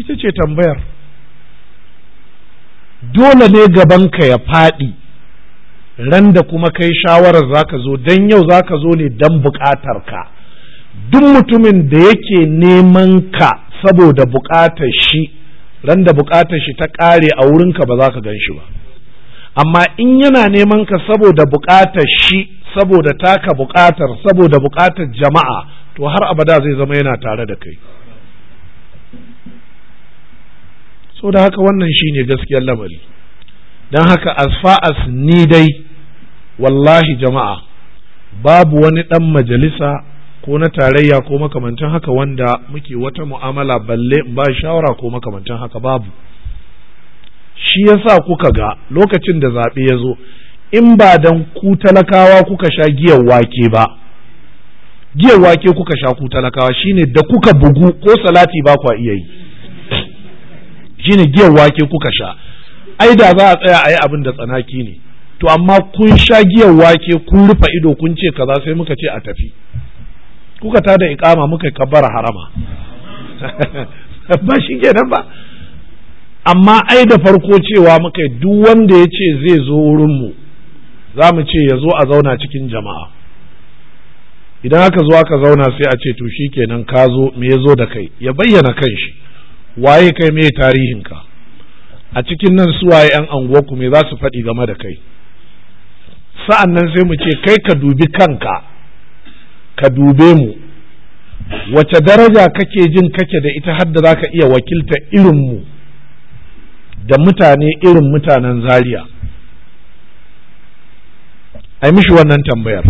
ita ce tambayar dole ne gaban ka ya faɗi ran da kuma kai shawarar zaka zo don yau zaka zo ne don buƙatar ka duk mutumin da yake neman ka saboda buƙatar shi ran da buƙatar shi ta ƙare a wurinka ba za ka gan shi ba amma in yana neman ka saboda buƙatar shi saboda taka buƙatar saboda buƙatar jama'a to har abada zai zama yana tare da kai so da haka wannan shine gaskiyar lamari don haka asfa'as ni dai wallahi jama'a babu wani ɗan majalisa ko na tarayya ko makamancin haka wanda muke wata mu'amala balle ba shawara ko makamancin haka babu shi yasa kuka ga lokacin da zaɓe ya zo in ba dan ku talakawa kuka sha giyar wake ba giyar wake kuka sha ku talakawa shine da kuka bugu ko salati ba kwa iya yi shine giyar wake kuka sha ai da za a tsaya a yi abin da tsanaki ne to amma kun sha giyar wake kun rufe ido kun ce kaza sai muka ce a tafi kuka ta da ikama muka kabbara harama ba shi kenan ba amma ai da farko cewa muka duk wanda ya ce zai zo wurinmu za mu ce ya zo a zauna cikin jama'a idan aka zo aka zauna sai a ce to shi kenan ka zo me ya zo da kai ya bayyana kanshi waye kai me tarihinka a cikin nan su suwaye yan ku me za su faɗi game da kai sa'an nan sai mu ce kai ka dubi kanka ka dube mu wace daraja kake jin kake da ita har da za ka iya wakilta irin mu da mutane irin mutanen zaria a mishi wannan tambayar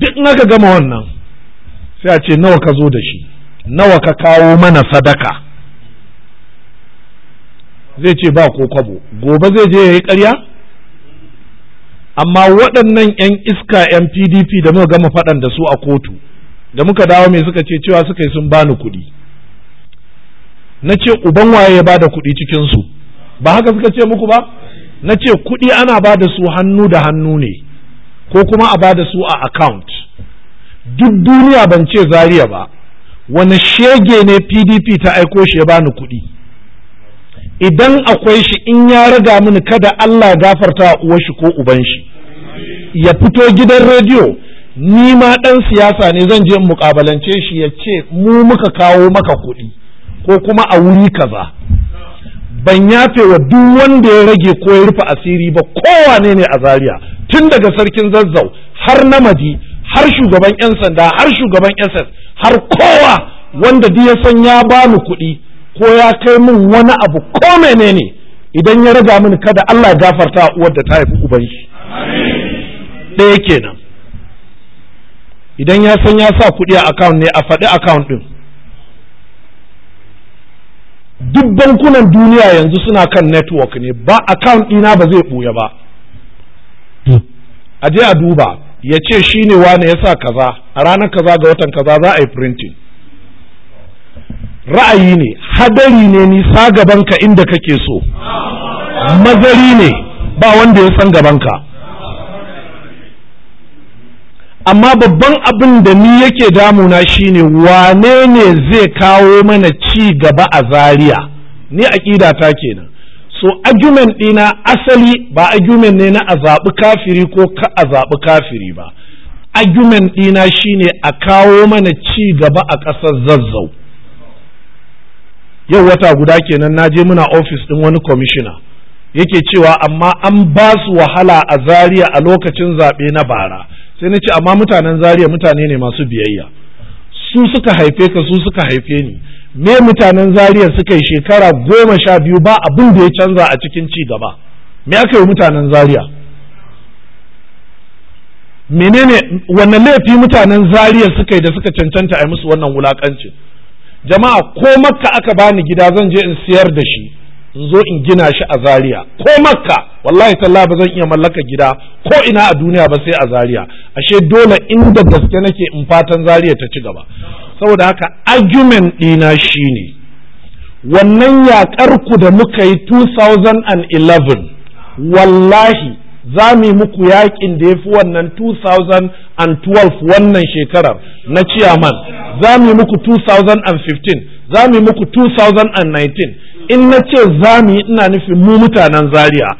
duk naka ka gama wannan sai a ce nawa ka zo da shi nawa ka kawo mana sadaka zai ce ba ko kwabo gobe zai je ya yi karya? amma waɗannan 'yan iska 'yan pdp da muka gama faɗan da su a kotu da muka dawo mai suka ce cewa suka yi sun bani kuɗi na ce uban waye ya bada kuɗi cikinsu ba haka suka ce muku ba na ce kuɗi ana ba da su hannu da hannu ne ko kuma a bada su a account duk duniya ban ce zariya ba wani shege ne pdp ta aiko shi ya bani kuɗi idan akwai shi in ya raga mini kada allah gafarta uwar shi ko uban shi ya fito gidan rediyo ni ma ɗan siyasa ne zan je mukabalance shi ya ce mu muka kawo maka kuɗi ko kuma a wuri kaza ban yafe wa duk wanda ya rage ko ya rufe asiri ba kowane ne a Zariya? tun daga sarkin zazzau har namadi har shugaban 'yan sanda har shugaban ss har kowa wanda duk ya san ya bani kuɗi ko ya kai min wani abu ko menene idan ya raga mini kada Allah ya gafarta uwar da ta haifi uban shi ɗaya kenan idan ya san ya sa kuɗi a account ne a faɗi account ɗin duk bankunan duniya yanzu suna kan network ne ba account ɗina ba zai ɓuya ba a je a duba ya ce shi ne wane ya sa kaza a ranar kaza ga watan kaza za a yi printing ra'ayi ne hadari ne nisa gabanka inda kake so mazari ne ba wanda ya san gabanka amma babban abin da ni yake damuna shine wane ne zai kawo mana ci gaba a Zariya ni aƙidata kenan so argument ɗina asali ba argument ne na a zaɓi kafiri ko ka a zaɓi kafiri ba argument ɗina shine a kawo mana ci gaba a ƙasar zazzau yau wata guda kenan na je muna ofis ɗin wani kwamishina yake cewa amma an ba su wahala a Zariya a lokacin zaɓe na bara sai na ce amma mutanen Zariya mutane ne masu biyayya su suka haife ka su suka haife ni me mutanen zariyar suka yi shekara goma sha biyu ba abin da ya canza a cikin ci gaba me aka yi mutanen zariya menene wannan laifi mutanen zariya suka yi da suka cancanta a yi musu wannan wulakancin jama'a ko makka aka bani gida zan je in siyar da shi in zo in gina shi a zaria ko makka wallahi talla ba zan iya mallaka gida ko ina a duniya ba sai a zaria ashe dole inda gaske nake in fatan zaria ta ci gaba saboda haka argument ɗina shine wannan yaƙar ku da muka yi 2011 wallahi za mu yi muku yaƙin da ya fi wannan 2012 wannan shekarar na ciyaman za mu yi muku 2015 za mu yi muku 2019 in na ce za mu yi ina nufin mu mutanen zaria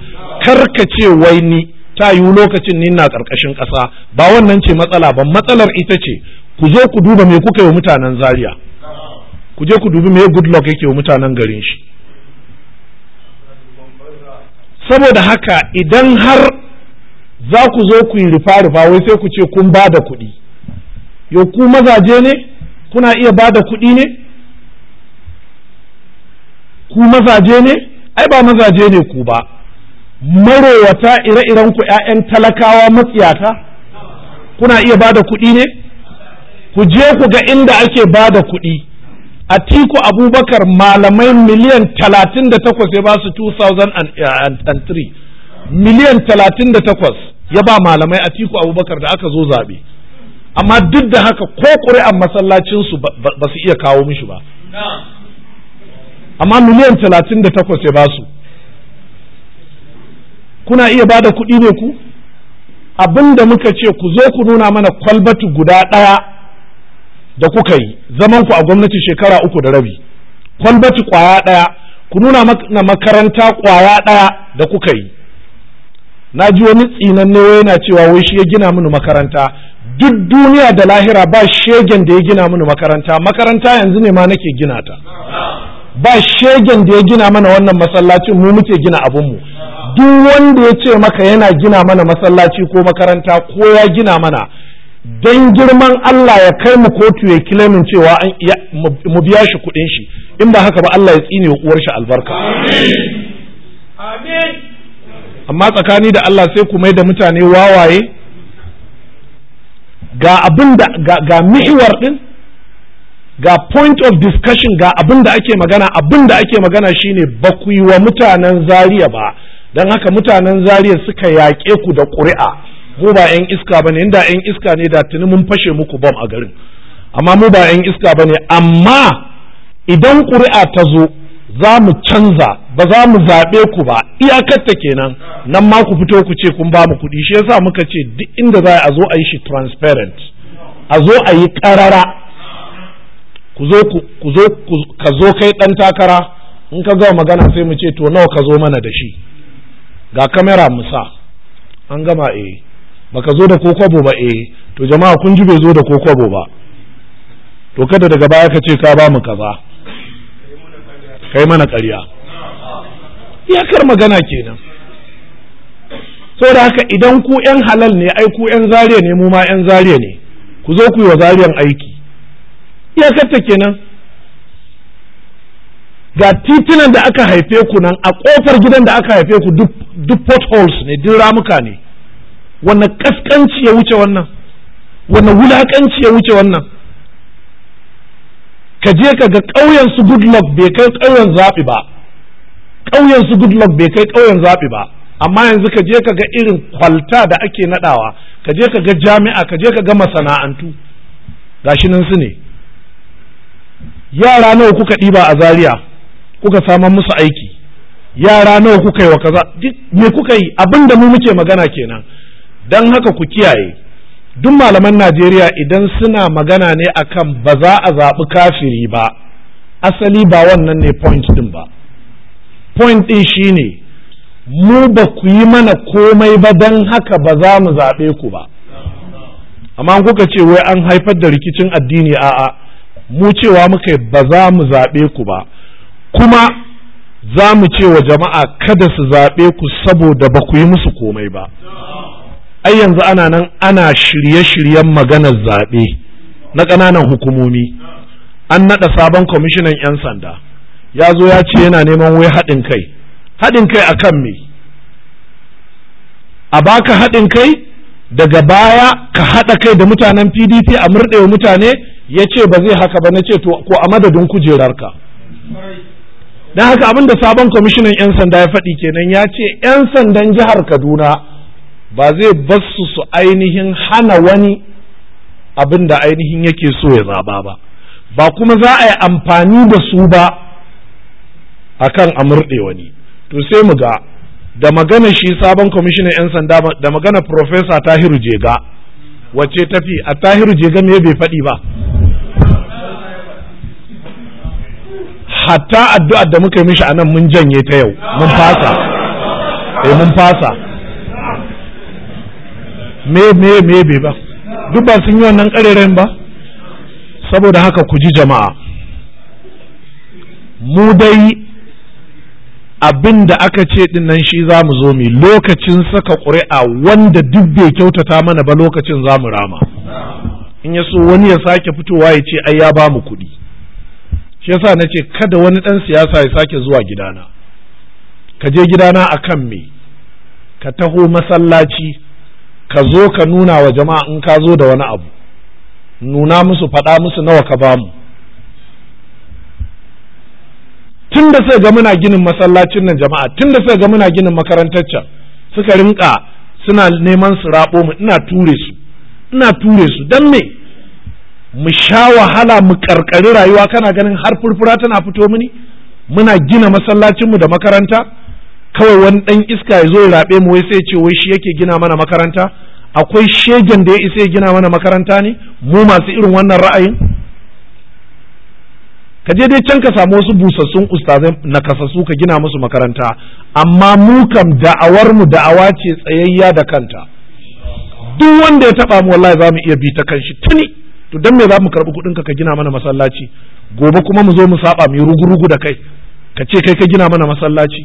karka ce wai ni ta yiwu lokacin ni na karkashin ƙasa ba wannan ce matsala ba matsalar ita ce ku zo ku duba me kuka yi wa mutanen zaria ku je ku dubi me good luck yake wa mutanen garin shi saboda haka idan har za ku zo ku yi rufa rufa wai sai ku ce kun ba da kuɗi yau ku mazaje ne kuna iya ba da kuɗi ne ku mazaje ne ai ba mazaje ne ku ba marowata ire-iren ku ƴaƴan talakawa matsiyata kuna iya bada kuɗi ne ku je ku ga inda ake bada kuɗi a tiku Abubakar malamai miliyan talatin da takwas ya ba su 2003 miliyan talatin da takwas ya ba malamai a tiku Abubakar da aka zo zaɓe amma duk da haka ko ƙuri'an masallacinsu ba su iya kawo mishi ba amma miliyan talatin da takwas ya basu kuna iya ba da kuɗi ne ku abin da muka ce ku zo ku nuna mana kwalbatu guda ɗaya da kuka yi zaman ku a gwamnati shekara uku da rabi kwalbatu ƙwaya ɗaya ku nuna na makaranta ƙwaya ɗaya da kuka yi na ji wani ne yana cewa wai shi ya gina mini makaranta duk duniya da lahira ba shegen da ya gina mini makaranta makaranta yanzu ne ma nake gina ta ba shegen da ya gina mana wannan masallaci mu muke gina abin mu. duk wanda ya ce maka yana gina mana masallaci ko makaranta ko ya gina mana don girman Allah ya kai mu kotu ya kilemin cewa mu biya shi kuɗin shi in ba haka ba Allah ya tsine uwar shi albarka amma tsakani da Allah sai ku mai da mutane wawaye ga abin da ga, ga mihiwar din ga point of discussion ga abin da ake magana abin da ake magana shine ba wa mutanen zariya ba don haka mutanen zariya suka yaƙe ku da ƙuri'a mu ba 'yan iska ba inda 'yan iska ne da tuni mun fashe muku bom a garin amma mu ba 'yan iska ba amma idan ƙuri'a ta zo za mu canza ba za mu zaɓe ku ba iyakar ta kenan nan ma ku fito ku ce kun ba mu kuɗi shi yasa muka ce duk inda za a zo a yi shi transparent a zo a yi ƙarara ku zo ku zo ka zo kai dan takara in ka gama magana sai mu ce to nawa ka zo mana da shi ga kamera sa, an gama eh baka zo da kokobo ba eh to jama'a kun ji bai zo da kokobo ba to kada daga baya ka ce ka ba mu kaza kai mana ƙarya iyakar magana kenan da haka idan ku 'yan halal ne ai ku 'yan zariya ne mu ma 'yan zariya ne ku zo ku yi wa zariyan aiki iyakarta kenan ga titunan da aka haife ku nan a kofar gidan da aka haife ku duk potholes ne duk ramuka ne wannan kaskanci ya wuce wannan wannan wulakanci ya wuce wannan ka je ka ga ƙauyen su goodluck bai kai ƙauyen zaɓi ba ƙauyen su goodluck bai kai ƙauyen zaɓi ba amma yanzu ka je ka ga irin kwalta da ake nadawa ka je ka ga jami'a ka je ka ga masana'antu gashi nan su ne yara nawa kuka ɗiba a zaria kuka saman musu aiki yara nawa kuka yi wa kaza me kuka yi abin da mu muke magana kenan don haka ku kiyaye duk malaman najeriya idan suna magana ne akan ba za a zaɓi kafiri ba asali ba wannan ne point ɗin ba point din shine mu ba ku yi mana komai ba don haka ba za mu zaɓe ku ba amma kuka ce wai an haifar da rikicin addini a'a mu cewa muka ba za mu zaɓe ku ba kuma za mu ce wa jama'a kada su zaɓe ku saboda ba ku yi musu komai ba ai yanzu ana nan ana shirye-shiryen maganar zaɓe na ƙananan hukumomi an naɗa sabon kwamishinan 'yan sanda ya zo ya ce yana neman wai haɗin kai haɗin kai a kan me a baka haɗin kai daga baya ka haɗa kai da mutanen pdp a murɗewa mutane ya ce ba zai haka ba na ce to ko a madadin kujerarka don haka abinda sabon kwamishinan 'yan sanda ya faɗi kenan ya ce 'yan sandan jihar kaduna ba zai basu su ainihin hana wani abin da ainihin yake so ya zaba ba ba kuma za a yi amfani da su ba akan a murɗe wani to sai mu ga da magana shi sabon kwamishinan 'yan sanda da magana profesa tahiru jega wacce tafi a tahiru jega me bai faɗi ba hatta addu'ar da muka yi mishi a nan mun janye ta yau mun fasa eh mun fasa me me me bai ba duk ba sun yi wannan ƙareren ba saboda haka ku ji jama'a mu dai abin da aka ce din nan shi za mu zo mu lokacin saka ƙuri'a wanda duk bai kyautata mana ba lokacin za mu rama in ya so wani ya sake fitowa ya ce ai ya ba mu kuɗi shi yasa na ce kada wani ɗan siyasa ya sake zuwa gidana ka je gidana a kan me ka taho masallaci ka zo ka nuna wa jama'a in ka zo da wani abu nuna musu faɗa musu nawa ka ba mu tun da suka ga muna ginin masallacin nan jama'a tun da suka ga muna ginin makarantar can suka rinka suna neman su rabo mu ina ture su ina ture su dan me mu sha wahala mu karkari rayuwa kana ganin har furfura tana fito mini muna gina masallacin mu da makaranta kawai wani dan iska ya zo ya rabe mu wai sai ce wai shi yake gina mana makaranta akwai shegen da ya isa ya gina mana makaranta ne mu masu irin wannan ra'ayin ka je dai can ka samu wasu busassun ustazai nakasassu ka gina musu makaranta amma mu kam da'awar mu da'awa ce tsayayya da kanta duk wanda ya taba mu wallahi za mu iya bi ta kanshi tuni to dan me za mu karbi kudin ka ka gina mana masallaci gobe kuma mu zo mu saba mu rugu-rugu da kai ka ce kai ka gina mana masallaci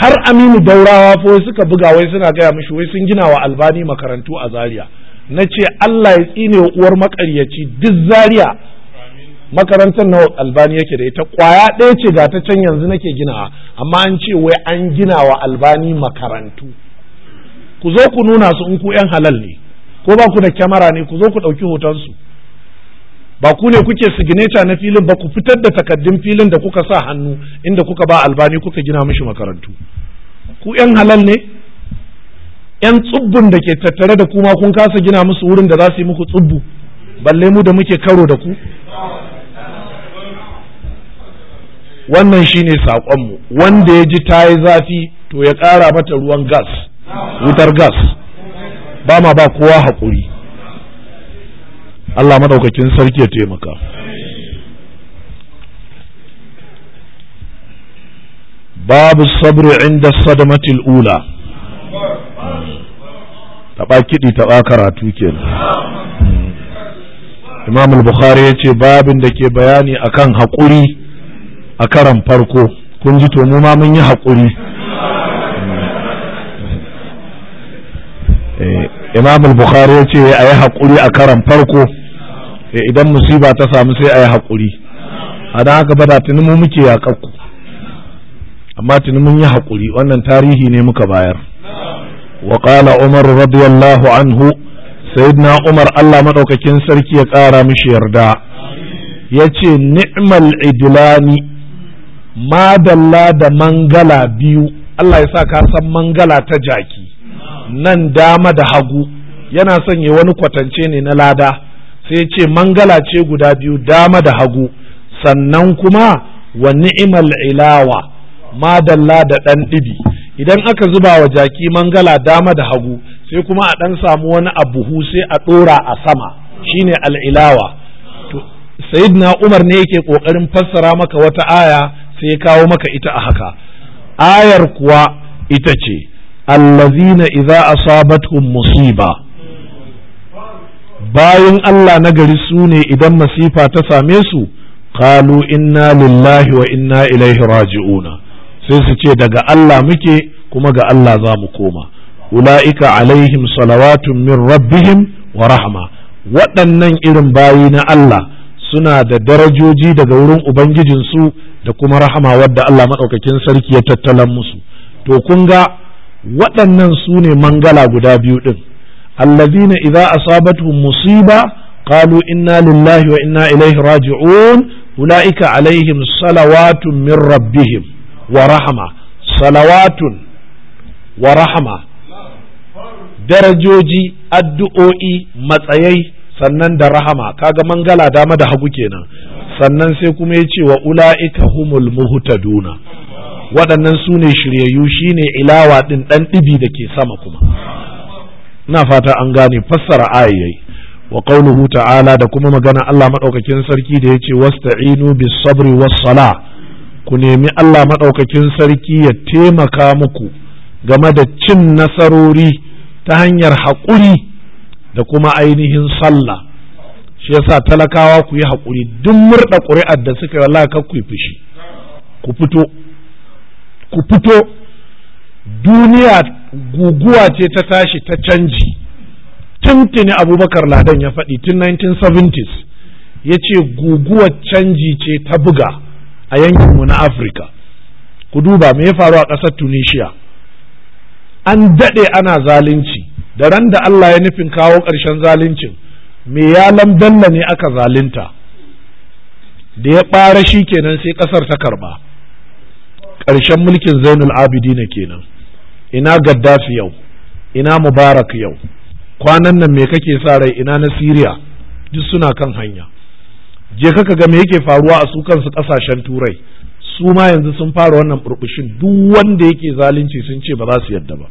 har aminu daurawa fo suka buga wai suna gaya mishi wai sun gina wa albani makarantu a zaria na ce allah ya tsine uwar makaryaci duk zaria makarantar nawa albani yake da ita kwaya ɗaya ce ga ta can yanzu nake ginawa amma an ce wai an gina wa albani makarantu ku zo ku nuna su in ku yan halal ne ko ba ku da kyamara ne ku zo ku ɗauki hotonsu ba ku ne kuke sigineta na filin ba ku fitar da takaddun filin da kuka sa hannu inda kuka ba albani kuka gina mishi makarantu ku yan halal ne yan tsubbun da ke tattare da kuma kun kasa gina musu wurin da za su yi muku tsubbu balle mu da muke karo da ku wannan shine saƙonmu wanda ya ji ta yi zafi to ya ƙara mata ruwan gas wutar gas ba ma ba kowa haƙuri Allah madaukakin sarki ya taimaka babu sabri inda sadamatil ula taɓa kiɗi taɓa karatu kenan hmm. imam al-bukhari ya ce babin da ke bayani akan haƙuri a karan farko kun ji to mu ma mun yi haƙuri eh, imam al-bukhari ya ce a yi haƙuri a karan farko eh, idan musiba ta samu sai a yi haƙuri a don haka bada tuni mu muke yaƙakku amma tuni mun yi haƙuri wannan tarihi ne muka bayar wa qala umar radiyallahu anhu sayyidina umar Allah madaukakin sarki ya ƙara mishi yarda yace ni'mal idlani madalla da mangala biyu Allah ya sa ka san mangala ta jaki nan dama da hagu yana son ya wani kwatance ne na lada sai ce mangala ce guda biyu dama da hagu sannan kuma wa ni'imal ilawa madalla da ɗan ɗibi idan aka zuba wa jaki mangala dama da hagu sai kuma a ɗan samu wani abuhu sai a ɗora a sama shine al'ilawa Sayidina umar ne yake ƙoƙarin fassara maka wata aya sai ya kawo maka ita a haka ayar kuwa ita ce allazina idza asabatuhum musiba bayan Allah na gari su ne idan masifa ta same su qalu inna lillahi wa inna ilaihi raji'una sai su ce daga Allah muke kuma ga Allah za mu koma ula'ika alaihim salawatun min rabbihim wa rahma waɗannan irin bayi na Allah suna da darajoji daga wurin Ubangijinsu da kuma rahama wadda Allah maɗaukakin sarki ya tattalan musu to kun ga waɗannan su ne mangala guda biyu ɗin allazina idza asabatuhum musiba qalu inna lillahi wa inna ilaihi raji'un ulaika alaihim salawatun min rabbihim wa rahama salawatun wa rahama darajoji addu'o'i matsayai sannan da rahama kaga mangala dama da hagu kenan sannan sai kuma ya ce wa ula'ika humul muhtaduna waɗannan su ne shiryayyu shine ilawa ɗin ɗan ɗibi da ke sama kuma Ina fata an gane fassara ayayi wa qauluhu ta'ala da kuma magana Allah madaukakin sarki da yace wasta'inu bis sabri was sala ku nemi Allah madaukakin sarki ya taimaka muku game da cin nasarori ta hanyar haƙuri da kuma ainihin sallah shi yasa talakawa ku yi haƙuri duk murɗa ƙuri'ar da suka yi wallahi kar ku yi fushi ku fito ku fito duniya guguwa ce ta tashi ta canji tuntuni abubakar ladan ya faɗi tun 1970s ya ce guguwar canji ce ta buga a yankinmu na afirka ku duba me ya faru a ƙasar tunisia an daɗe ana zalunci da ran da Allah ya nufin kawo ƙarshen zaluncin me ya Bello ne aka zalunta da ya ɓara shi kenan sai ƙasar ta karɓa ƙarshen mulkin zainul abidina kenan ina gaddafi yau ina mubarak yau kwanan nan me kake sa rai ina na siriya duk suna kan hanya je kaka ga me yake faruwa a su kansu ƙasashen turai su ma yanzu sun fara wannan burbushin duk wanda yake zalunci sun ce ba za su yadda ba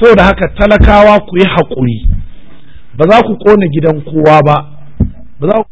saboda haka talakawa ku yi haƙuri ba za ku ƙona gidan kowa ba ba za ku